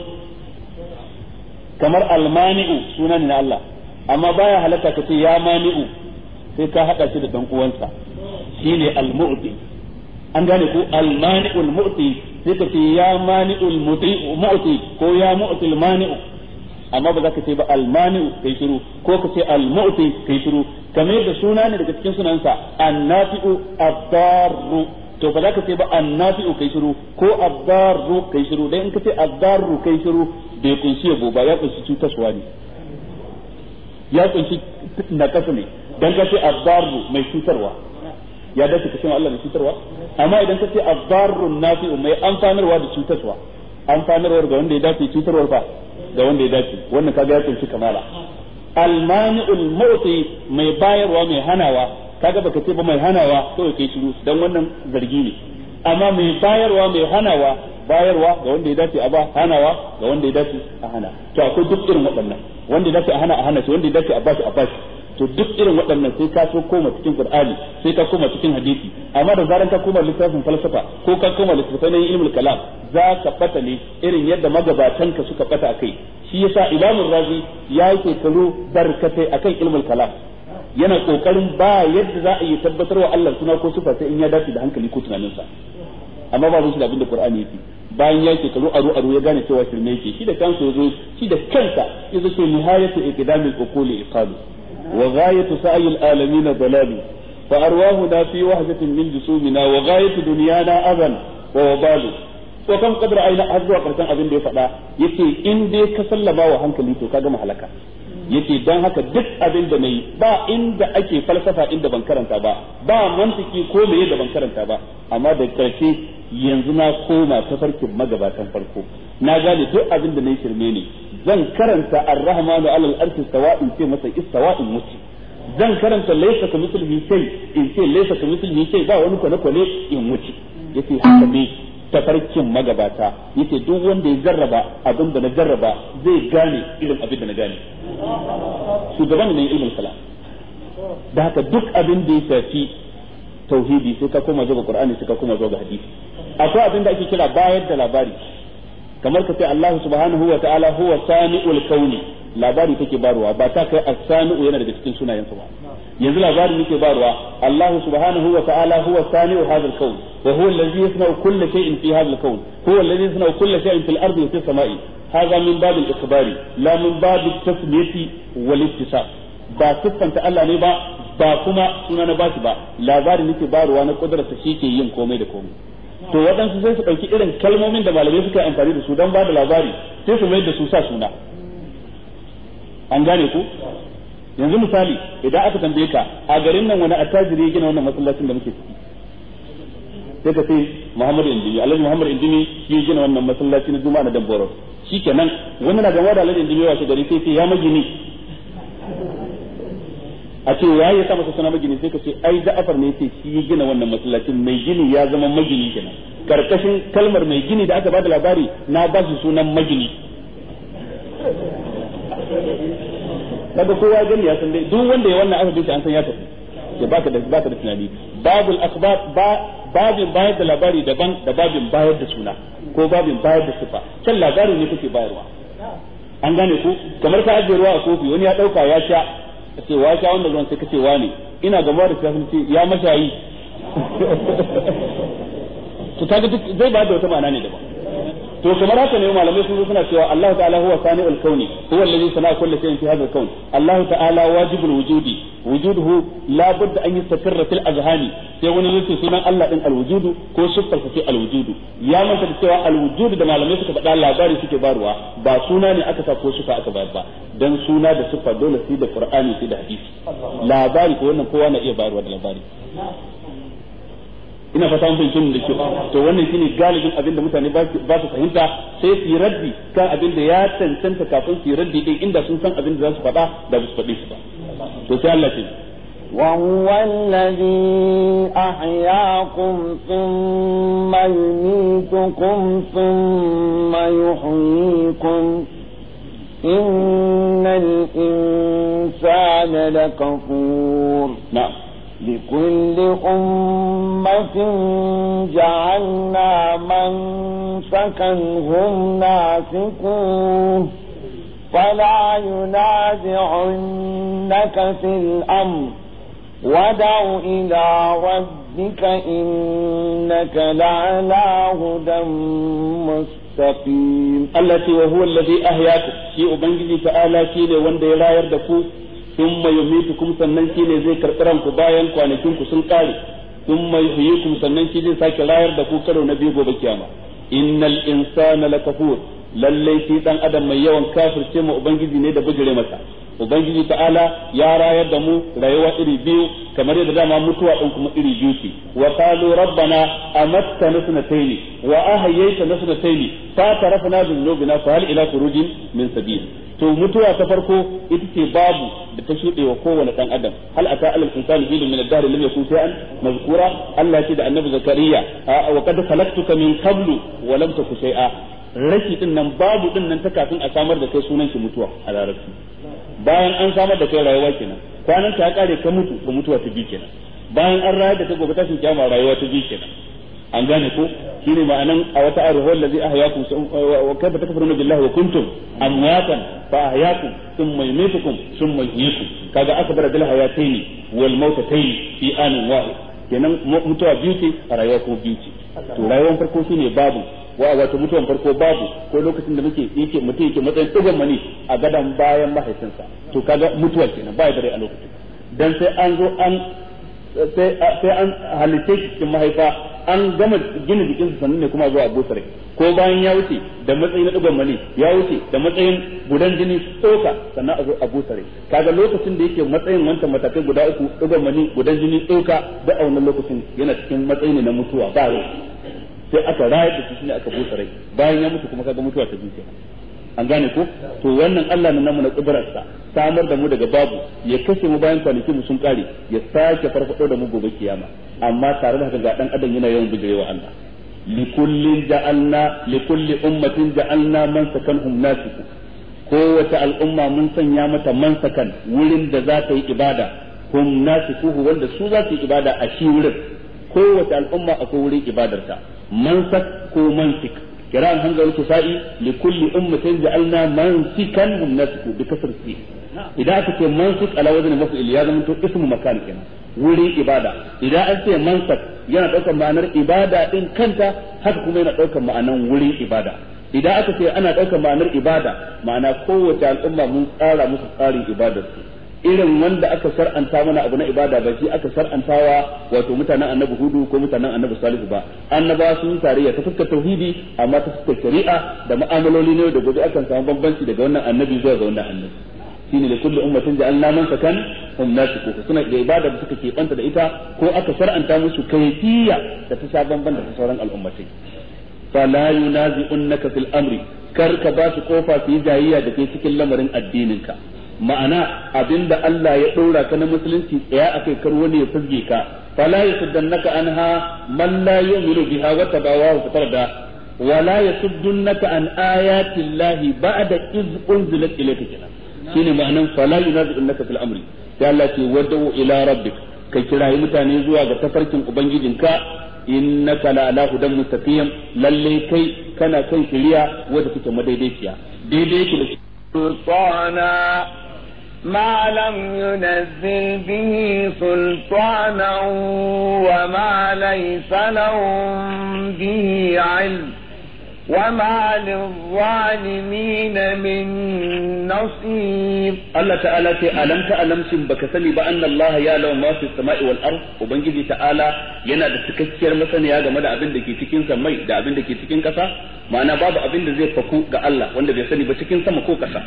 kamar almani'u suna ne na Allah amma baya halatta ka ce ya mani'u sai ka haɗa shi da ɗan uwansa shine almu'ti an gane ko almani'ul mu'ti sai ka ce ya mani'ul mu'ti ko ya mu'til mani'u amma ba za ka ce ba almani'u kai shiru ko ka ce almu'ti kai shiru kamar da suna ne daga cikin sunansa annafi'u ad-darru to ba za ka ce ba annafi'u kai shiru ko addarru kai shiru dan in ka ce addarru kai shiru bai kunshi yabo ba ya kunshi cutaswa ne ya kunshi na kasa ne dan ka ce addarru mai cutarwa ya dace ka ce Allah mai cutarwa amma idan ka ce addarru nafi'u mai amfanarwa da cutaswa amfanarwar ga wanda ya dace cutarwar fa ga wanda ya dace wannan kaga ya kunshi kamala almani'ul mauti mai bayarwa mai hanawa kaga baka ce ba mai hanawa kawai kai shiru dan wannan zargi ne amma mai bayarwa mai hanawa bayarwa ga wanda ya dace a ba hanawa ga wanda ya dace a hana to akwai duk irin waɗannan wanda ya dace a hana a hana shi wanda ya dace a bashi a bashi to duk irin waɗannan sai ka so koma cikin qur'ani sai ka koma cikin hadisi amma da zaran ka koma littafin falsafa ko ka koma littafin na ilmul kalam za ka fata ne irin yadda magabatan ka suka fata akai shi yasa imamul razi ya yi kekaru barkatai akan ilmul kalam yana kokarin ba yadda za a yi wa Allah suna ko sifa sai in ya dace da hankali ko tunaninsa amma ba shi da abin da Qur'ani yake bayan ya shekaru aru aru ya gane cewa shirme yake shi da kansa yazo shi da kansa yazo ce nihayatu iqdam al-uqul iqalu wa ghayatu sa'i al-alamin dalalu fa arwahuna fi wahdatin min jusumina wa ghayatu dunyana adan wa wabalu to kan kadar aina har zuwa karshen abin da ya faɗa yace in dai ka sallama wa hankali to ka gama halaka yake dan haka duk abin da nayi ba inda ake falsafa inda ban karanta ba ba mantiki ko meye da ban karanta ba amma da karshe yanzu na koma ta farkin magabatan farko na gane duk abin da nayi shirme ne zan karanta ar-rahmanu alal arshi sawa'in ce masa istawa'in muti zan karanta laysa kamithlihi sai in ce laysa kamithlihi sai ba wani kwane kwane in wuce yace haka ne tafarkin magabata yace duk wanda ya jarraba abin da na jarraba zai gane irin abin da na gane shugaban ne ilmin salam da haka duk abin da ya shafi tauhidi sai ka koma zuwa qur'ani sai ka koma zuwa hadisi akwai abin da ake kira bayar da labari kamar ka ce Allah subhanahu wa ta'ala huwa sami'ul kauni labari take barowa ba ta kai as-sami'u yana daga cikin sunayen sa ba yanzu labarin yake barwa Allah subhanahu wa ta'ala huwa sani'u hadhal kawn wa huwa alladhi yasna'u kulla shay'in fi hadhal kawn huwa alladhi yasna'u kulla shay'in fil ardi wa fis sama'i hadha min bab al-ikhbari la min bab al tasmiyati wal ittisab ba siffanta Allah ne ba ba kuma suna na bashi ba labarin yake barwa na kudrar ta shike yin komai da komai to waɗansu sai su ɗauki irin kalmomin da malamai suka amfani da su don ba da labari sai su mayar da su sa suna an gane ku yanzu misali idan aka tambaye ka a garin nan wani attajiri ya gina wannan masallacin da muke ciki sai ka sai Muhammadu Indimi Alhaji Muhammadu Indimi shi ya gina wannan masallaci na Juma'a na Dabboro shikenan wani na gama da Alhaji Indimi wato gari sai sai ya magini a ce ya yi sa masa suna magini sai ka ce ai da'afar ne sai shi ya gina wannan masallacin mai gini ya zama magini kenan karkashin kalmar mai gini da aka bada labari na ba su sunan magini kaga kowa gani ya san dai duk wanda ya wannan aka dace an san ya tafi ya baka da baka da tunani babul akhbar ba babin bayar da labari daban da babin bayar da suna ko babin bayar da sifa kan labari ne kake bayarwa an gane ku kamar ka ajiye ruwa a kofi wani ya dauka ya sha kace wa sha wanda zan sai kace wa ina gaba da shafin ce ya mashayi to kaga duk zai ba da wata ma'ana ne daban to kamar haka ne malamai sun suna cewa Allah ta'ala huwa sani'ul kauni huwa allazi sana'a kulli shay'in fi hadha al-kawn Allah ta'ala wajibul wujudi wujuduhu la budda an yastakirra fil azhani sai wani yace sunan Allah din al-wujudu ko siffar sa al-wujudu ya manta da cewa al-wujudu da malamai suka faɗa labari suke barwa ba suna ne aka sa ko sifa aka bayar ba dan suna da sifa dole sai da Qur'ani sai da hadisi labari ko wannan kowa na iya barwa da labari ina fata mun fahimci da kyau to wannan shine galibin abin da mutane ba su fahimta sai su raddi kan abin da ya tantanta kafin su raddi din inda sun san abin da za su faɗa da su faɗi su ba to sai Allah ce وهو الذي أحياكم ثم يميتكم ثم يحييكم إن الإنسان لكفور نعم لكل أمة جعلنا من سكنهم ناسكوه فلا ينازعنك في الأمر ودع إلى ربك إنك لعلى هدى مستقيم التي وهو الذي أحياكم في أبنجي تعالى كيلي وندي لا يردكوه thumma yumitukum sannan ne zai karɓi ku bayan kwanakin ku sun kare thumma yuhyikum sannan shi zai sake rayar da ku karo na biyu gobe kiyama innal insana lakafur lallai shi dan adam mai yawan kafirce ma ubangiji ne da bujire masa ubangiji ta'ala ya rayar da mu rayuwa iri biyu kamar yadda dama mutuwa din kuma iri biyu ce wa qalu rabbana amatta nasnatayn wa ahyayta nasnatayn fa tarafna nubina fa hal ila khurujin min sabil to mutuwa ta farko ita ce babu da ta shuɗe wa kowane ɗan adam hal ata alal insani hilun min ad-dahr lam yakun shay'an mazkura Allah ce da annabi zakariya wa qad khalaqtuka min qablu wa lam taku shay'a rashi din nan babu din nan ta kafin a samar da kai sunan shi mutuwa a larabci bayan an samar da kai rayuwa kenan kwanan ta kare ka mutu ko mutuwa ta bi kenan bayan an rayar da ta gobe tashin kiyama rayuwa ta bi kenan an gane ko shine ma'anan a wata arhu allazi ahyaakum wa kaifa takfuruna billahi wa kuntum amwatan fa ahyaakum thumma yumitukum thumma yuhyikum kaga bar dal hayatayn wal mautatayn fi an wahid kenan mutuwa biyu ce a rayuwa ko biyu ce to rayuwar farko shine babu wa wato mutuwan farko babu ko lokacin da muke yake mutum yake matsayin digan mani a gadan bayan mahaifinsa to kaga mutuwa kenan ba da rai a lokacin dan sai an zo an sai an halitta cikin mahaifa an gama gina sa sannan ne kuma zuwa busa ko bayan ya wuce da matsayin dugon mani ya wuce da matsayin gudan jini tsoka sannan a zo a busa kaga lokacin da yake matsayin wancan matakai guda uku dugon mani gudan jini tsoka da a wannan lokacin yana cikin matsayin na mutuwa ba rai sai aka rayar da shi ne aka busa rai bayan ya mutu kuma kaga mutuwa ta biyu an gane ko to wannan Allah nan namu na kudrarsa samar da mu daga babu ya kashe mu bayan kwanaki mu sun kare ya sake farfado da mu gobe kiyama amma tare da haka ga dan adam yana yawan bijirewa Allah likullin ja'alna likulli ummatin ja'alna man sakanhum nasiku kowace al'umma mun sanya mata man sakan wurin da za ta yi ibada hum nasikuhu wanda su za su yi ibada a shi wurin kowace al'umma akwai wurin ibadarta mansak ko mansik an hamza wal sa'i li kulli ummatin ja'alna mansikan hum nasku bi kasr idan aka ce mansuk ala wazn maf'ul ya zama to ismu makan kenan wurin ibada idan an ce mansak yana daukar ma'anar ibada din kanta haka kuma yana daukar ma'anar wurin ibada idan aka ce ana daukar ma'anar ibada ma'ana kowace al'umma mun tsara musu tsarin ibadar su irin wanda aka sar'anta mana abu na ibada ba shi aka shar'antawa wato mutanen annabi hudu ko mutanen annabi salihu ba ba sun tarayya ta fuskar tauhidi amma ta fuskar shari'a da mu'amaloli ne da gobe akan samu bambanci daga wannan annabi zuwa ga wannan annabi shine da kullu ummatin ja'alna man sakan hum nasiku suna da ibada da suka keɓanta da ita ko aka sar'anta musu kayfiyya da ta sha bamban da sauran al'ummatai fala yunazi'unnaka fil amri kar ka ba su kofa su yi da ke cikin lamarin addininka ma'ana abinda Allah ya ɗora ka na musulunci tsaya akai kar wani ya fizge ka fala yasuddannaka anha man la yu'minu biha wa tabawahu fatarda wala yasuddannaka an ayati llahi ba'da iz unzilat ilayka kenan shine ma'anan fala yunazilunaka fil amri sai Allah ce wad'u ila rabbik ka kirayi mutane zuwa ga tafarkin ubangijinka innaka la ala hudan mustaqim lalle kai kana kan shiriya wadda take madaidaiciya daidai yake da sultana ما لم ينزل به سلطانا وما ليس لهم به علم وما للظالمين من نصيب الله تعالى ألم تألم سن بكسني بأن الله يعلم ما في السماء والأرض وبنجد تعالى ينادى تكسير مثلا يا جماعة أبند كي تكين سمي دا أبند كي تكين كسا ما أنا بعض أبند زي فكو كالله وأنا بيسني بشكين سمكو كسا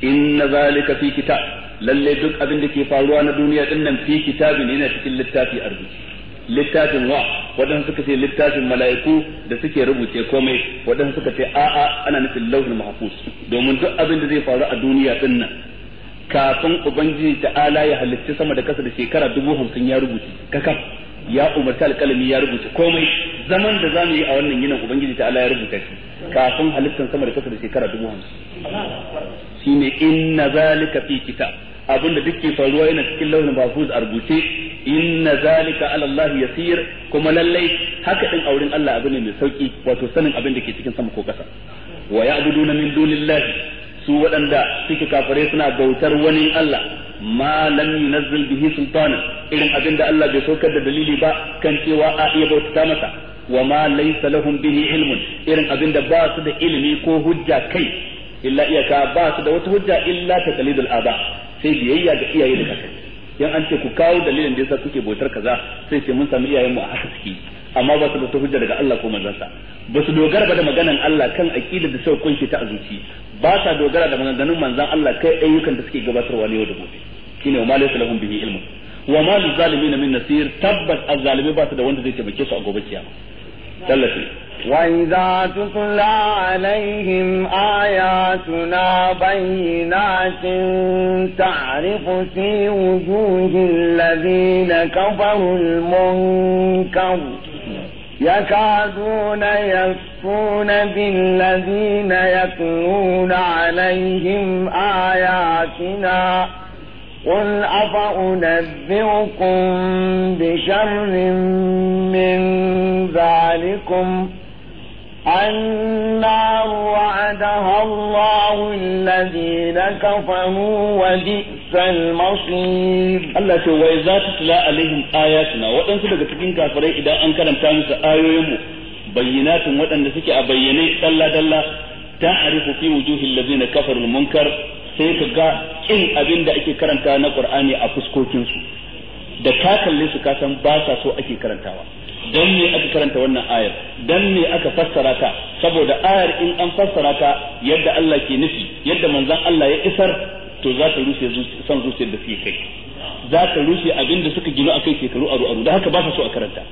inna zalika fi kitab lalle duk abin da ke faruwa na duniya din nan fi kitabin yana cikin littafi a littafin wa waɗansu suka ce littafin mala'iku da suke rubuce komai waɗansu suka ce a'a ana nufin lauhin mahfuz domin duk abin da zai faru a duniya din nan kafin ubangiji ta'ala ya halicci sama da kasa da shekara dubu hamsin ya rubuce kakaf ya umarta alƙalami ya rubuce komai zaman da mu yi a wannan ginin ubangiji ta Allah ya rubuta shi kafin halittar sama da kasa da shekara dubu hamsin shine inna zalika fi abinda duk ke faruwa yana cikin launin mahfuz a rubuce inna zalika ala Allah yasir kuma lallai haka din auren Allah abu ne mai sauki wato sanin abin da ke cikin sama ko kasa wa ya'buduna min dunillahi su waɗanda suke kafare suna bautar wani Allah ma lam yunazzil bihi sultana irin abin da Allah bai saukar da dalili ba kan cewa a iya bauta masa wa ma laysa lahum bihi ilmun irin abinda ba su da ilimi ko hujja kai illa iyaka ba su da wata hujja illa taqlidul aba sai biyayya ga iyaye da kakanni yan an ce ku kawo dalilin da yasa kuke bautar kaza sai ce mun samu iyayen mu a haka suke amma ba su da ta hujja daga Allah ko manzansa ba su dogara ba da maganan Allah kan aqida da sauƙin shi ta azuci ba sa dogara da maganganun manzan Allah kai ayyukan da suke gabatarwa ne yau da gobe shine ma laysa lahum bihi ilmun wa ma lizalimin min nasir tabbas azzalimi ba su da wanda zai taimake su a gobe kiyama tallace. wai za su lalai himaya suna bayyana cin taarifushi wujugun lazina kafar mun kama ya sa juna ya suna bin lazina ya suna قل أفأنبئكم بشر من ذلكم النار وعدها الله الذين كفروا وبئس المصير الله سوى وإذا تتلى عليهم آياتنا وأنت لك تكين كافرين إذا أنكرم تامس آيوهم بينات وأن سكي أبيني دلا دلا تعرف في وجوه الذين كفروا المنكر sai ka ga kin abin da ake karanta na Qur'ani a fuskokinsu da ka kalle su ka san ba sa so ake karantawa dan me aka karanta wannan ayar dan me aka fassara ta saboda ayar in an fassara ta yadda Allah ke nufi yadda manzon Allah ya isar to za ka rushe san zuciyar da suke kai za ka rushe abin da suka gina akai shekaru aru aru da haka ba sa so a karanta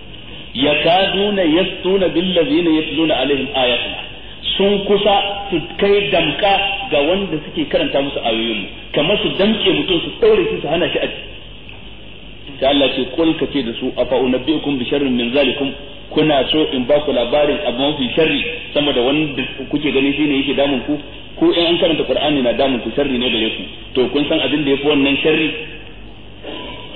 yakaduna yastuna billazina yatluna alaihim ayatuna sun kusa su kai damka ga wanda suke karanta musu ayoyin mu kamar su damke mutum su daure shi su hana shi a sai Allah ce kul ka ce da su afa unabbiukum bi sharrin min zalikum kuna so in ba ku labarin abu mafi sharri sama da wanda kuke ganin shine yake damun ku ko in an karanta qur'ani na damun ku sharri ne gare ku to kun san abin da yafi wannan sharri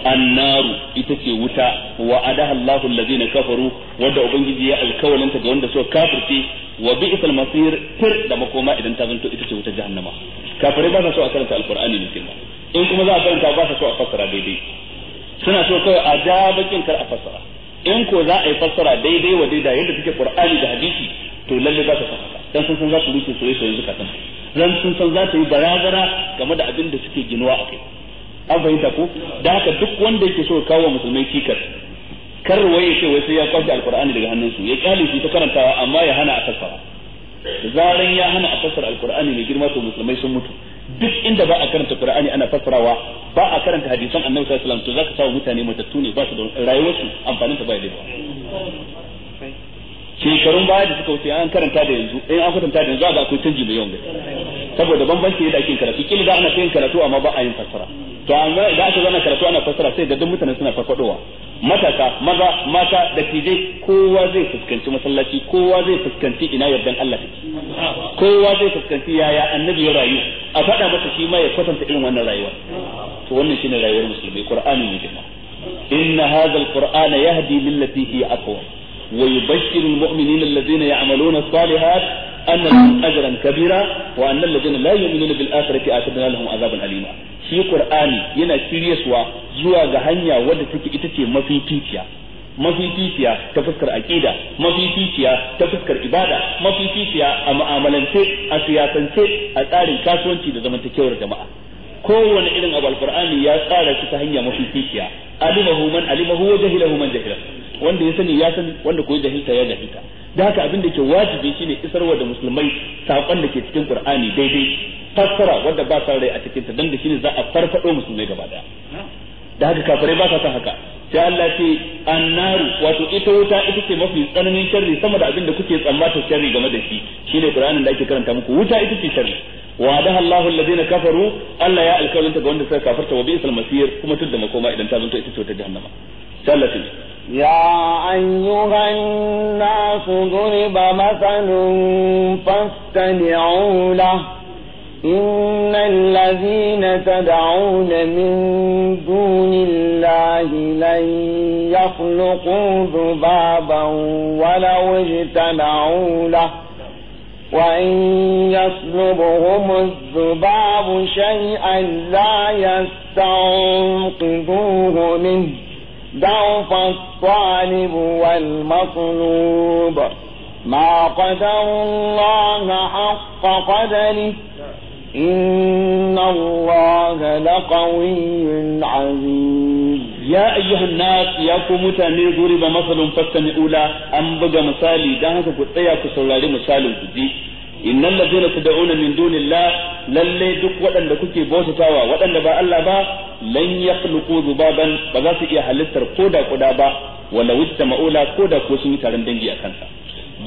annaru ita ce wuta wa adaha Allahu allazina kafaru wanda ubangiji ya alkawalinta ga wanda suka kafirce wa bi'sal masir tir da makoma idan ta zanto ita ce wuta jahannama kafare ba sa so a karanta alqur'ani ne kuma in kuma za a karanta ba sa so a fassara daidai suna so kai a ja bakin kar a fassara in ko za a yi fassara daidai wa daidai yadda take qur'ani da hadisi to lalle ba ta fassara dan sun san za su rufe soyayya soyayya zakatan dan sun san za ta yi barazana game da abin da suke ginuwa a kai an fahimta ko da haka duk wanda yake so kawo musulmai cikar kar wai ya ce wai sai ya kwace alkur'ani daga hannunsu ya kyale shi ta karantawa amma ya hana a fassara zaran ya hana a fassara alqur'ani mai girma to musulmai sun mutu duk inda ba a karanta qur'ani ana fassarawa ba a karanta hadisan annabi sallallahu alaihi wasallam to zaka samu mutane matattu ne ba su da rayuwarsu amfanin ta ba da shekarun baya da suka wuce an karanta da yanzu in an kwatanta da yanzu ga akwai canji mai yawan gaske saboda bambanci da ake karatu kila da ana yin karatu amma ba a yin fassara to amma idan aka zana karatu ana fassara sai ga duk mutane suna farfadowa matasa maza mata da tijai kowa zai fuskanci masallaci kowa zai fuskanci ina yardan Allah take kowa zai fuskanci yaya annabi ya rayu a faɗa masa shi ma ya kwatanta irin wannan rayuwa to wannan shine rayuwar musulmi qur'ani ne inna hadha alqur'ana yahdi lillati hiya aqwam ويبشر المؤمنين الذين يعملون الصالحات أن لهم أجرا كبيرا وأن الذين لا يؤمنون بالآخرة أعتدنا لهم عذابا أليما shi Qur'ani yana suwa zuwa ga hanya wadda take ita ce mafificiya mafificiya ta fuskar aqida mafificiya ta fuskar ibada mafificiya a ma'amalance, a siyasance a tsarin kasuwanci da zamantakewar jama'a kowane irin abu alqur'ani ya tsara shi ta hanya mafi kikiya alimahu man alimahu wa jahilahu man jahila wanda ya sani ya sani wanda koyi jahilta ya jahilta da haka abin da ke wajibi shine isarwa da musulmai sakon da ke cikin qur'ani daidai fassara wanda ba sa rai a cikin ta dan da shine za a farfado musulmai gaba daya da haka kafirai ba sa san haka sai Allah ce annaru wato ita wuta ita ce mafi tsananin sharri sama da abin da kuke tsammatar sharri game da shi shine Qur'anin da ake karanta muku wuta ita ce sharri wa'adaha Allahu alladhina kafaru Allah ya alkawalinta ga wanda suka kafarta wa bi'sal masir kuma tudda makoma idan ta zanto ita ce ta jahannama sai Allah ce يا أيها الناس ضرب مثل فاستمعوا له إن الذين تدعون من دون الله لن يخلقوا ذبابا ولو اجتمعوا له وإن يسلبهم الذباب شيئا لا يستنقذوه منه ضعف الطالب والمطلوب ما قدر الله حق قدره إن الله لقوي عزيز يا أيها الناس يا كموتا ضرب مثل فاستمعوا له أم بقى مثالي ده هكا كتايا كسولاري مثال كجي إن الذين تدعون من دون الله لن دك ودن دكوكي بوسة تاوى ودن دبا ألا با لن يخلقوا ذبابا بغاسي إيا هلتر قودا قودا با ولو اجتمعوا لا قودا كوسمي تارن دنجي أكانسا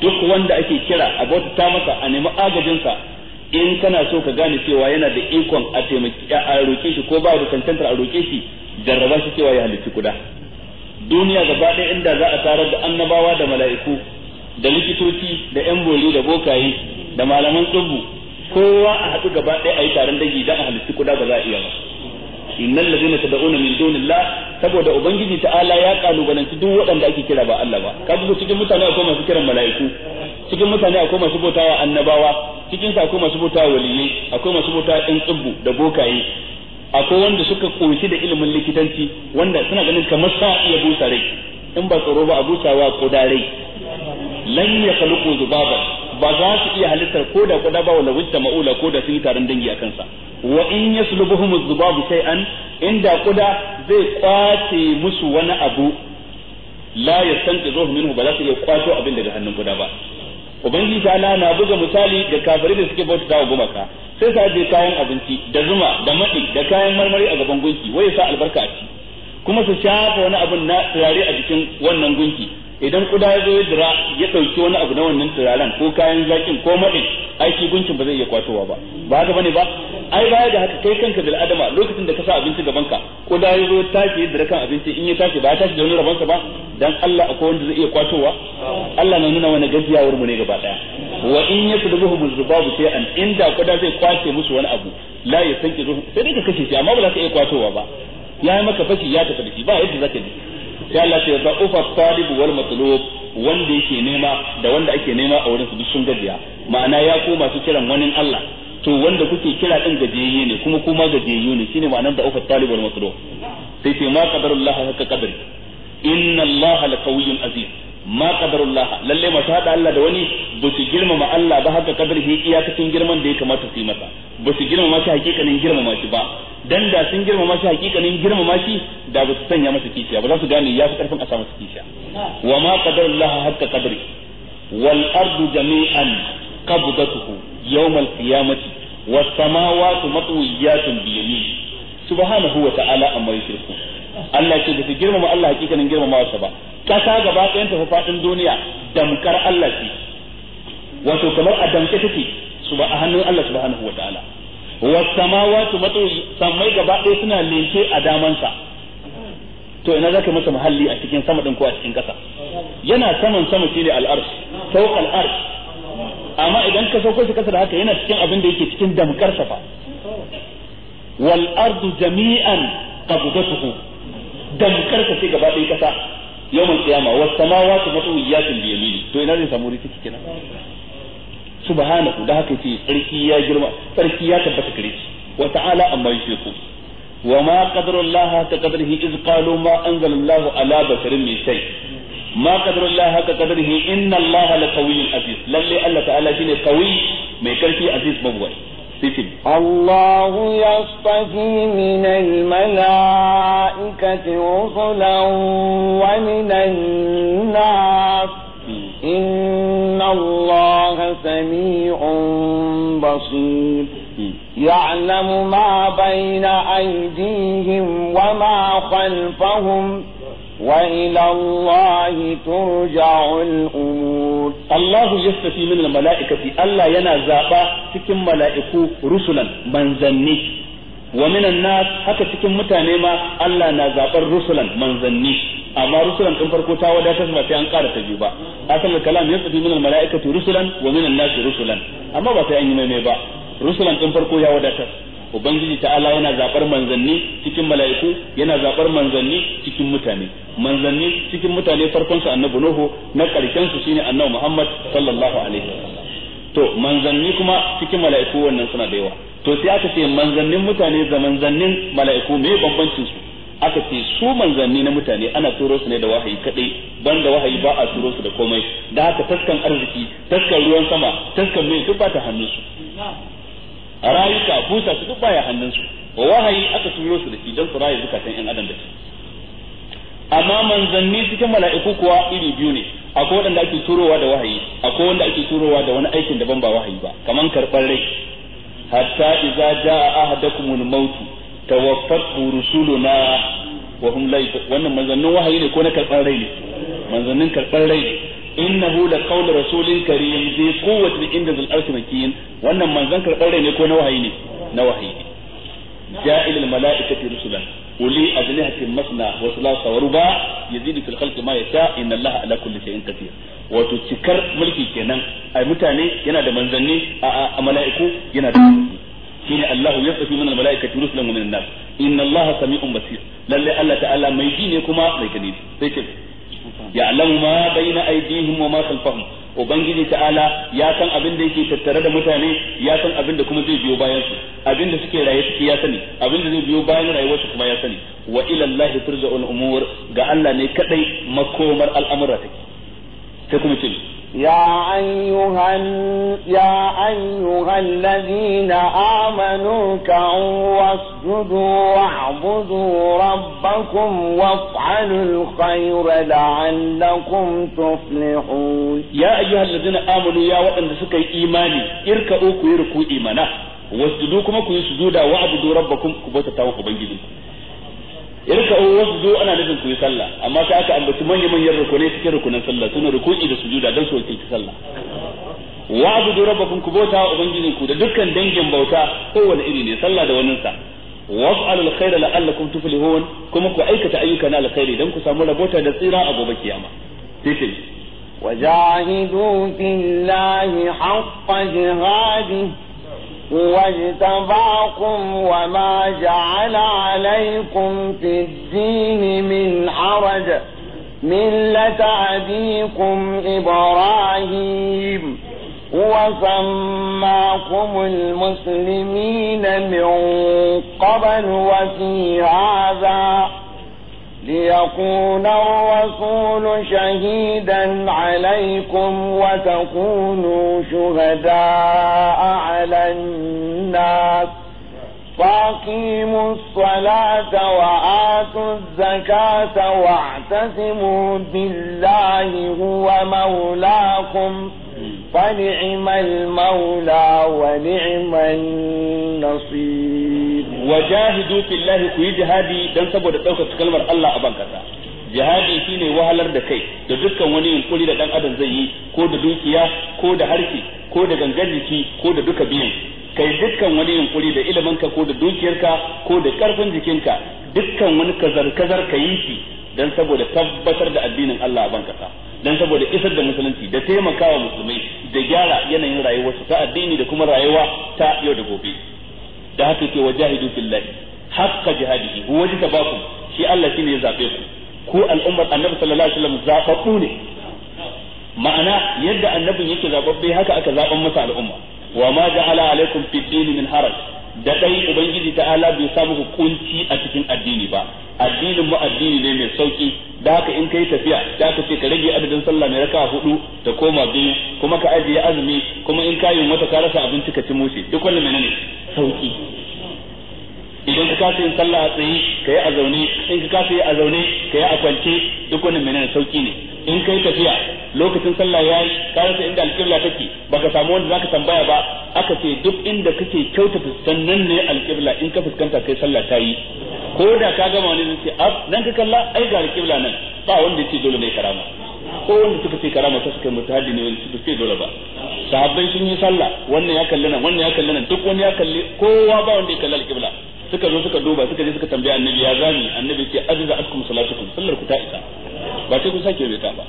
duk wanda ake kira a bauta masa a nemi agajinsa in kana so ka gane cewa yana da ikon a taimaki a roke shi ko ba da tantantar a roke shi jarraba shi cewa ya halitta kuda duniya gaba ɗaya inda za a tarar da annabawa da mala'iku da likitoci da yan bori da bokaye da malaman tsubu kowa a haɗu gaba ɗaya a yi taron dangi don a halitta kuda ba za a iya ba innal ladina tad'una min dunillah saboda ubangiji ta'ala ya kalubalanci duk waɗanda ake kira ba Allah ba kaga cikin mutane akwai masu kiran mala'iku cikin mutane akwai masu bautawa annabawa cikin sa akwai masu bauta waliyai akwai masu bauta ɗan tsibbu da bokaye akwai wanda suka koshi da ilimin likitanci wanda suna ganin kamar sa iya busa rai in ba tsoro ba a busawa koda rai lan ya khaluqu zubaba ba za su iya halittar ko da koda ba wala wutta maula ko da sun yi taron dangi a kansa wa in yaslubuhum zubabu an inda kuda zai kwace musu wani abu la yastanqizuhu minhu ba za su iya kwato abin daga hannun koda ba ubangiji ta ala na buga misali da kafirai da suke bauta wa gumaka sai sa je kayan abinci da zuma da maɗi da kayan marmari a gaban gunki wai sa albarka a ci kuma su shafa wani abun na turare a cikin wannan gunki idan kuda ya zo ya dira ya ɗauki wani abu na wannan turaren ko kayan zakin ko maɗin ai shi ba zai iya kwatowa ba ba haka bane ba ai baya da haka kai kanka bil adama lokacin da ka sa abinci gaban ka kuda ya zo tashi ya dira kan abinci in ya tashi ba ya tashi da wani rabonsa ba dan Allah akwai wanda zai iya kwatowa Allah na nuna wani gajiyawar mu ne gaba daya wa in muzubabu sai an inda kuda zai kwace musu wani abu la yasankizuhum sai dai ka kashe shi amma ba za ka iya kwatowa ba ya maka fashi ya tafi da shi ba yadda ka yi sai Allah ce ufa talib wal matlub wanda yake nema da wanda ake nema a wurin su duk sun gajiya ma'ana ya koma masu kiran wani Allah to wanda kuke kira din gajiyayye ne kuma kuma gajiyayye ne shine ma'anar da ufa talib wal matlub sai ce ma qadarullah haka qadari inna Allah laqawiyyun aziz ma qadarullah lalle masu hada Allah da wani ba su girmama Allah ba haka kadar shi iyakacin girman da ya kamata su yi masa ba su girmama shi hakikanin girmama shi ba dan da sun girmama shi hakikanin girmama shi da ba su sanya masa kishiya ba za su gane ya fi karfin a sa masa kishiya wa ma qadarullahi haqqa qadri wal ardu jami'an qabdatuhu yawm al qiyamati was samawati matwiyatun bi yamini subhanahu wa ta'ala amma yushriku Allah ce da su girmama Allah hakikanin girmama sa ba kasa gaba ɗayan ta fadin duniya damkar Allah ce wato kamar a damke take su ba a hannun Allah subhanahu wa ta'ala was samawati matu sammai gaba ɗaya suna lince a damansa to ina zaka masa muhalli a cikin sama din ko a cikin ƙasa yana saman sama shine al fawqa al amma idan ka sauko shi kasa da haka yana cikin abin da yake cikin damkar sa fa wal ardu jami'an qabdatuhu damkar sa ce gaba ɗaya kasa yawmal qiyama was samawati matu yatin bi yamini to ina zai samu riki kenan subhanahu da haka ce sarki ya girma sarki ya tabbata gare shi wa ta'ala amma yushriku wa ma qadarullaha ka qadarihi iz qalu ma anzalallahu ala basharin min shay ma qadarullaha ka qadarihi inna allaha la qawiyyun aziz lalle Allah ta'ala shine qawi mai karfi aziz mabwai الله يصطفي من الملائكة رسلا ومن الناس إن الله سميع بصير يعلم ما بين أيديهم وما خلفهم وإلى الله ترجع الأمور الله يستفي من الملائكة ألا ينزابا تكم ملائكو رسلا من زني ومن الناس حتى تكم متانيما ألا نزابا رسلا من زني amma rusulan din farko ta wadatar ba sai an ƙara ta biyu ba asal kalam yasbi min malaikatu rusulan wa min rusulan amma ba sai an yi mai ba rusulan din farko ya wadatar ubangiji ta'ala yana zabar manzanni cikin mala'iku yana zabar manzanni cikin mutane manzanni cikin mutane farkon su annabi nuhu na karshen su shine annabi muhammad sallallahu alaihi to manzanni kuma cikin mala'iku wannan suna da yawa to sai aka ce manzannin mutane da manzannin mala'iku me bambancin su aka ce su manzanni na mutane ana turo su ne da wahayi kadai ban wahayi ba a turo su da komai da haka taskan arziki taskan ruwan sama taskan mai duk ba ta hannunsu rayuka busa su duk baya hannunsu wa wahayi aka turo su da shi don su rayu zukatan yan adam da shi amma manzanni cikin mala'iku kuwa iri biyu ne akwai wanda ake turowa da wahayi akwai wanda ake turowa da wani aikin daban ba wahayi ba kaman karbar rai hatta idza jaa ahadakumul mautu tawaffatu rusuluna wa hum la wannan manzannin wahayi ne ko na karban rai ne manzannin karban rai ne innahu la qawl rasulin karim zai quwwatin inda zal arshi makiyin wannan manzan karban rai ne ko na wahayi ne na wahayi ne ja'il al mala'ikati rusulan uli ajnihatin masna wa thulatha wa ruba yazidu fil khalqi ma yasha inna allaha ala kulli shay'in qadir wato cikar mulki kenan ai mutane yana da manzanni a mala'iku yana da manzanni shine Allahu yasafi min almalaikati rusulan wa min nas inna Allaha sami'un basir lalle Allah ta'ala mai ji ne kuma mai gani sai ce ya'lamu ma baina aydihim wa ma khalfahum ubangiji ta'ala ya san abin da yake tattare da mutane ya san abin da kuma zai biyo bayan su abin da suke raye suke ya sani abin da zai biyo bayan rayuwar su kuma ya sani wa ila Allah turja'ul umur ga Allah ne kadai makomar al'amura take sai kuma ce يا أيها, يا أيها الذين آمنوا كعوا واسجدوا واعبدوا ربكم وافعلوا الخير لعلكم تفلحون يا أيها الذين آمنوا يا وأن سكي إيماني اركعوا كيركوا إيمانا واسجدوا كما كيسجودا واعبدوا ربكم كبوتة وقبنجدكم yarka o wasu zo ana nufin ku yi sallah amma sai aka ambaci manyan manyan rukunai cikin rukunan sallah suna rukuki da sujuda dan su wakilci sallah wa abudu rabbakum ku bauta ubangijin ku da dukkan dangin bauta kowane iri ne sallah da wannan sa waf'alul khaira la'allakum tuflihun kuma ku aikata ayyuka na alkhairi dan ku samu rabota da tsira a gobe kiyama sai ce وجاهدوا في الله واجتباكم وما جعل عليكم في الدين من حرج ملة أبيكم إبراهيم وسماكم المسلمين من قبل وفي هذا ليكون الرسول شهيدا عليكم وتكونوا شهداء على الناس فاقيموا الصلاة وآتوا الزكاة واعتصموا بالله هو مولاكم فنعم المولى ونعم النصير wajahidu fillahi ku yi jihadi dan saboda ɗaukaka kalmar Allah a bankasa. jihadi shine wahalar da kai da dukkan wani yunkuri da dan adam zai yi ko da dukiya ko da harki ko da gangan jiki ko da duka biyan, kai dukkan wani yunkuri da iliminka ko da dukiyarka ko da karfin jikinka dukkan wani kazar-kazar ka yi shi dan saboda tabbatar da addinin Allah a bankasa dan saboda isar da musulunci da taimakawa musulmai da gyara yanayin rayuwarsu ta addini da kuma rayuwa ta yau da gobe da haka yake wajahidu fillahi haqqa jihadihi huwa jitabakum shi Allah shine ya zabe ku ku al'ummar annabi sallallahu alaihi wasallam zababbu ne ma'ana yadda annabin yake zababbe haka aka zaban masa al'umma wa ma ja'ala alaikum fid min haraj da dai ubangiji ala bai sa muku kunci a cikin addini ba addinin mu addini ne mai sauki da haka in kai tafiya da ka ce ka rage adadin sallah mai raka hudu da koma biyu kuma ka ajiye azumi kuma in ka yi mata ka rasa abinci ka ci mushe duk wannan menene sauki idan ka kasa yin sallah a tsaye ka yi a zaune in ka kasa yi a zaune ka yi a kwance duk wannan menene sauki ne in kai tafiya lokacin sallah ya yi ka rasa inda alƙibla take baka samu wanda zaka tambaya ba aka ce duk inda kake kyautata sannan ne alƙibla in ka fuskanta kai sallah ta yi ko da ka gama wani zai ce ah nan ka kalla ai ga alƙibla nan ba wanda ya ce dole ne karama ko wanda suka ce karama ta suka mutahaddi ne wanda suka ce dole ba sahabbai sun yi sallah wannan ya kalli nan wannan ya kalli nan duk wani ya kalli kowa ba wanda ya kalli alƙibla suka zo suka duba suka je suka tambaya annabi ya zani annabi ce ajiza askum salatukum sallar ku ta isa ba sai kun sake mai ta ba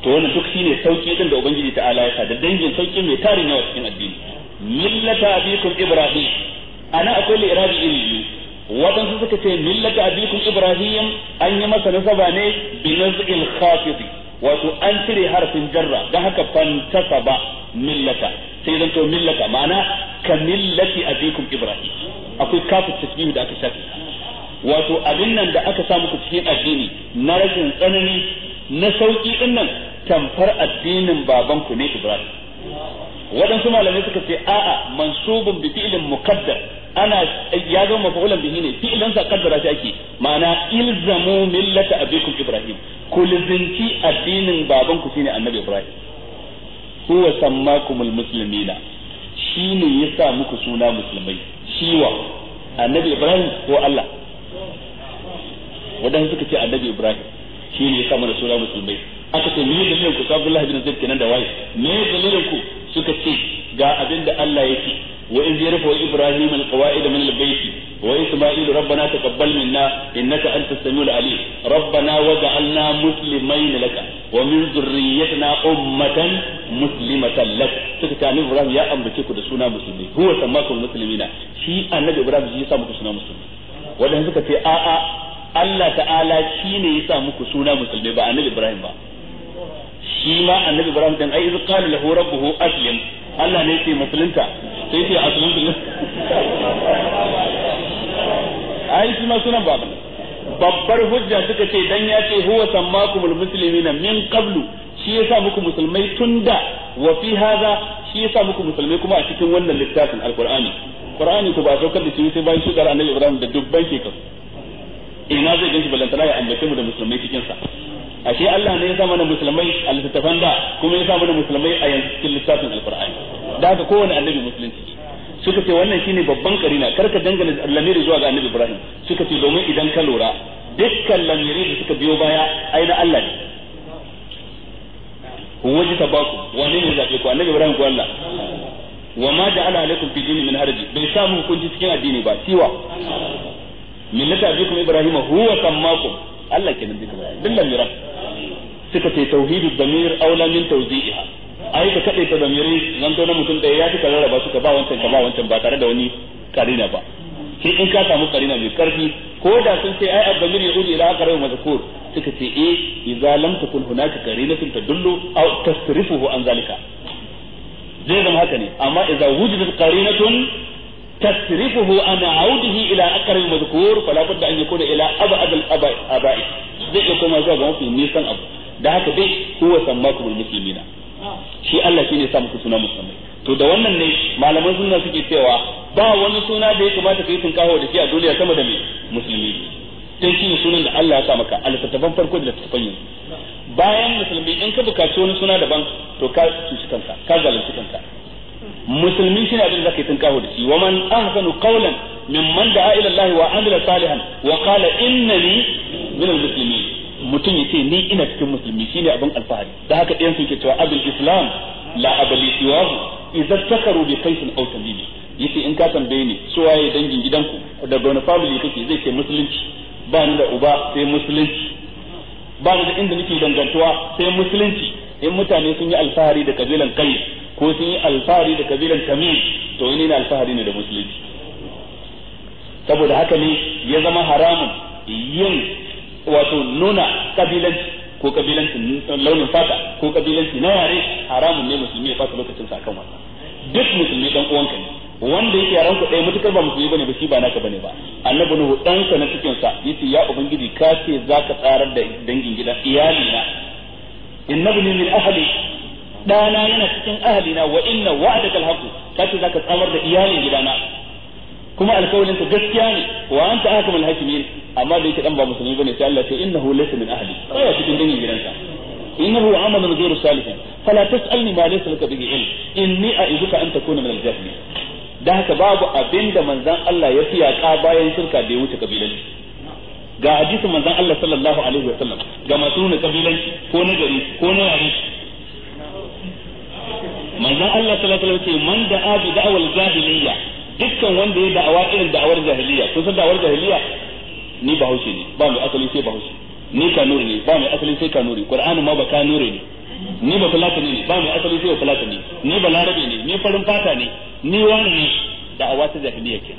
to wannan duk shine sauki din da ubangiji ta ala ya sa da dangin sauki mai tarin yawa cikin addini millata abikum ibrahim ana akwai li'irabi iri Wadansu suka ce millata abikum ibrahim an yi masa nasaba ne bi nazil khafidi wato an cire harfin jarra don haka fantasaba millata sai zan to millata ma'ana ka millati abikum ibrahim akwai kafin tasbihu da aka shafe wato abin nan da aka sa muku cikin addini na rashin tsanani na sauki din nan tamfar addinin babanku ne Ibrahim waɗansu malamai suka ce a'a mansubun bi fi'lin muqaddar ana ya zama mafa'ulan bihi ne fi'lan sa kaddara shi ake ma'ana ilzamu millata abikum Ibrahim ku addinin babanku shine annabi Ibrahim huwa sammakumul muslimina shine yasa muku suna musulmai shiwa annabi ibrahim ko allah wadanda suka ce annabi ibrahim shi ne ya sa mana sura musulmai aka ce me dalilin ku abdullahi bin zaid kenan da waye me dalilin ku suka ce ga abin da allah ya ce wa in iz wa ibrahim al alqawaid min albayt wa isma'il rabbana taqabbal minna innaka antas samiul alim rabbana waj'alna muslimaina laka wa min dhurriyyatina ummatan muslimatan lak suka ce annabi ibrahim ya ambace ku da suna musulmi huwa sammakum muslimina shi annabi ibrahim shi yasa muku suna musulmi wadanda suka ce a a Allah ta'ala shi ne yasa muku suna musulmi ba annabi ibrahim ba shi ma annabi ibrahim din ai iz qala lahu rabbuhu aslim Allah ne yake musulunta sai ce aslim ai shi ma sunan babu babbar hujja suka ce dan ya ce huwa sammakumul muslimina min qablu shi ya sa muku musulmai tun da wa fi haza shi ya sa muku musulmai kuma a cikin wannan littafin alqur'ani qur'ani ku ba saukar da shi sai bayan shudar annabi ibrahim da dubban shekaru ina zai ganshi balantana ya ambace mu da musulmai cikin sa ashe Allah ne ya sa mana musulmai a littattafan da kuma ya sa mana musulmai a yanzu cikin littafin alqur'ani da haka kowane annabi musulunci suka ce wannan shine babban karina karka dangane lamiri zuwa ga annabi ibrahim suka ce domin idan ka lura dukkan lamiri da suka biyo baya ai na Allah ne waje tabaku wane ne zabe ku annabi ibrahim ko Allah wa ma ja'ala alaikum fi dini min harji bai sa mu hukunci cikin addini ba siwa millata abikum ibrahim huwa sammakum Allah kenan duka bayan dillan mira suka ce tauhidud damir aula min tawzi'iha ai ka kade ta damiri zan to na mutum daya ya fi rarraba suka ba wancan ka ba wancan ba tare da wani karina ba sai in ka samu karina mai karfi ko da sun ce ai abdamir ya ila aka rayu mazkur suka ce eh idza lam takun hunaka karinatun tadullu aw tasrifuhu an zalika zai zama haka ne amma idza wujidat qarinatun tasrifuhu an audihi ila aqrabi madhkur fala budda an yakuna ila abad al abai zai iya koma zuwa ga mafi nisan abu da haka dai huwa sammakum al muslimina shi Allah shine ya sa muku suna musulmai to da wannan ne malaman sunna suke cewa ba wani suna da ya kamata ka yi kawo da shi a duniya sama da mai musulmi sai shi sunan da Allah ya sa maka alfatafan farko da littattafan yanzu bayan musulmi in ka bukaci wani suna daban to ka cuci kanka ka zalunci kanka musulmi shi ne abin da kai yi kawo da shi wa man ahsanu qawlan mimman da'a ila Allah wa amila salihan wa qala innani min al-muslimin mutum yace ni ina cikin musulmi shine abin alfahari da haka ɗayan suke cewa abul islam la abali siwahu idza takaru bi kaisin aw tamimi yace in ka tambaye ni so waye dangin gidanku daga wani family kake zai ce musulunci ba ni da uba sai musulunci ba ni da inda nake dangantuwa sai musulunci in mutane sun yi alfahari da kabilan kai ko sun yi alfahari da kabilan tamim to ni na alfahari ne da musulunci saboda haka ne ya zama haramun yin wato nuna kabilanci ko kabilancin launin fata ko kabilanci na yare haramun ne musulmi ya fata lokacin sa wannan duk musulmi dan uwanka ne wanda yake yaran ku ɗaya mutukar ba musulmi bane ba shi ba naka bane ba annabi nuhu ɗansa na cikin sa yace ya ubangiji ka ce zaka tsarar da dangin gidan iyali na innabni min ahli dana yana cikin ahli na wa inna wa'adaka alhaqu ka zaka tsawar da iyalin gidana kuma alkawalin ka gaskiya ne wa anta ahkamul hakimin amma da yake dan ba musulmi bane sai Allah ya ce innahu laysa min ahli sai cikin dangin gidansa إنه عمل غير صالح فلا تسألني ما ليس لك به علم إني أعظك أن تكون من الجاهلين da haka babu abinda da manzan Allah ya fiyaka bayan shirka da ya wuce kabilanci ga hadisin manzan Allah sallallahu alaihi wa sallam ga masu nuna kabilanci ko na gari ko na yare manzan Allah sallallahu alaihi wa sallam ce man da abi da'awal jahiliyya dukkan wanda ya da'awa irin da'awar jahiliya kun san da'awar jahiliya ni bahaushe ne ba mai asali sai bahaushe ni kanuri ne ba mai asali sai kanuri qur'ani ma ba kanuri ne ni ba fulatani ne ba mai asali sai ne, ni ba larabe ne ni farin fata ne ni wani ne da'awa ta jahiliya ke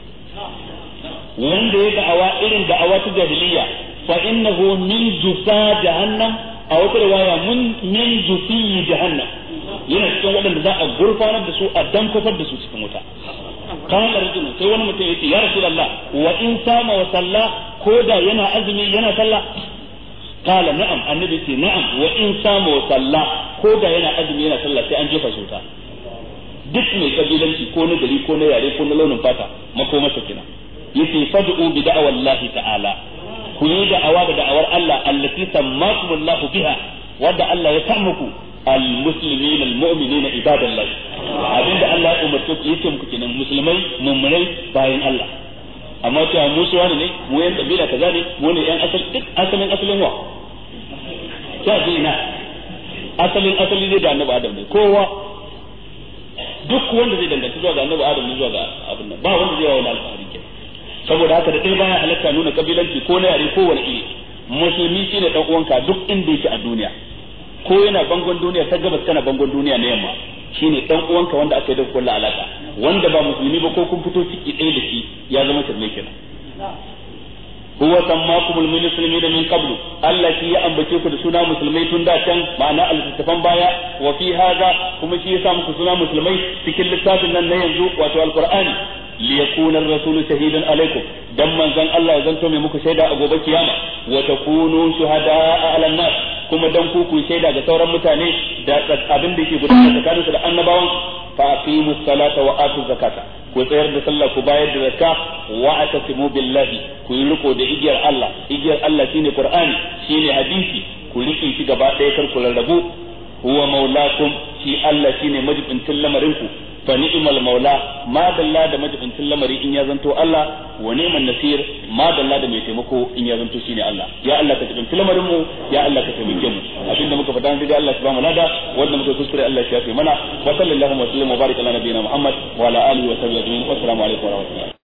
wanda ya da'awa irin da'awa ta jahiliya fa innahu min jufa jahannam a wata riwaya mun min jufi jahannam yana cikin wadanda za a gurfanar da su a dankofar da su cikin wuta qala rajul sai wani mutum yace ya rasulullah wa in sama wa salla ko da yana azumi yana salla qala na'am annabi ce na'am wa in sama wa salla ko da yana azumi yana salla sai an jefa shi wuta duk mai kabilanci ko na gari ko na yare ko na launin fata makomarsa kina yace fad'u bi da'wallahi ta'ala ku yi da'awa da da'awar Allah allati sammakumullahu wadda Allah ya samu ku المسلمين المؤمنين عباد الله abinda Allah ya umarce ku yake muku kenan musulmai mummunai bayan Allah amma cewa mu su wani ne mu yan kabila kaza ne mu ne yan asal duk asalin asalin wa ta dina asalin asali ne da annabi Adam ne kowa duk wanda zai danganci zuwa ga annabi Adam ne zuwa ga abin nan ba wanda zai yawa wani alfahari kenan saboda haka da ɗaya baya halatta nuna kabilanci ko na yare ko wani musulmi shine dan uwanka duk inda yake a duniya ko yana bangon duniya ta gabas kana bangon duniya na yamma shine dan uwanka wanda aka yi da kullu alaka wanda ba musulmi ba ko kun fito ciki ɗaya da shi ya zama shirme kenan huwa sammakumul da min qablu Allah shi ya ambace ku da suna musulmai tun da can ma'ana al baya wa fi kuma shi ya sa muku suna musulmai cikin littafin nan na yanzu wato al'kur'ani. li yakuna ar-rasulu shahidan alaikum dan manzon Allah ya zanto mai muku shaida a gobe kiyama wa takunu shuhada'a 'ala nas kuma dan ku ku shaida ga sauran mutane da abin da yake gudana tsakaninsu da annabawan fa aqimus salata wa atuz zakata ku tsayar da sallah ku bayar da zakka wa atasimu billahi ku yi riko da igiyar Allah igiyar Allah shine Qur'ani shine hadisi ku rike gaba ɗaya karku ku rarrabu huwa maulakum shi Allah shine majibincin lamarinku fa ni'mal maula ma dalla da majibincin lamari in ya zanto Allah wa ni'man nasir ma dalla da mai taimako in ya zanto shine Allah ya Allah ka jibinci lamarin mu ya Allah ka taimake mu abinda muka faɗa dai Allah ya ba mu lada wanda muka kuskure Allah ya mana wa sallallahu wa sallam baraka ala nabiyina Muhammad wa ala alihi wa sahbihi alaikum wa rahmatullahi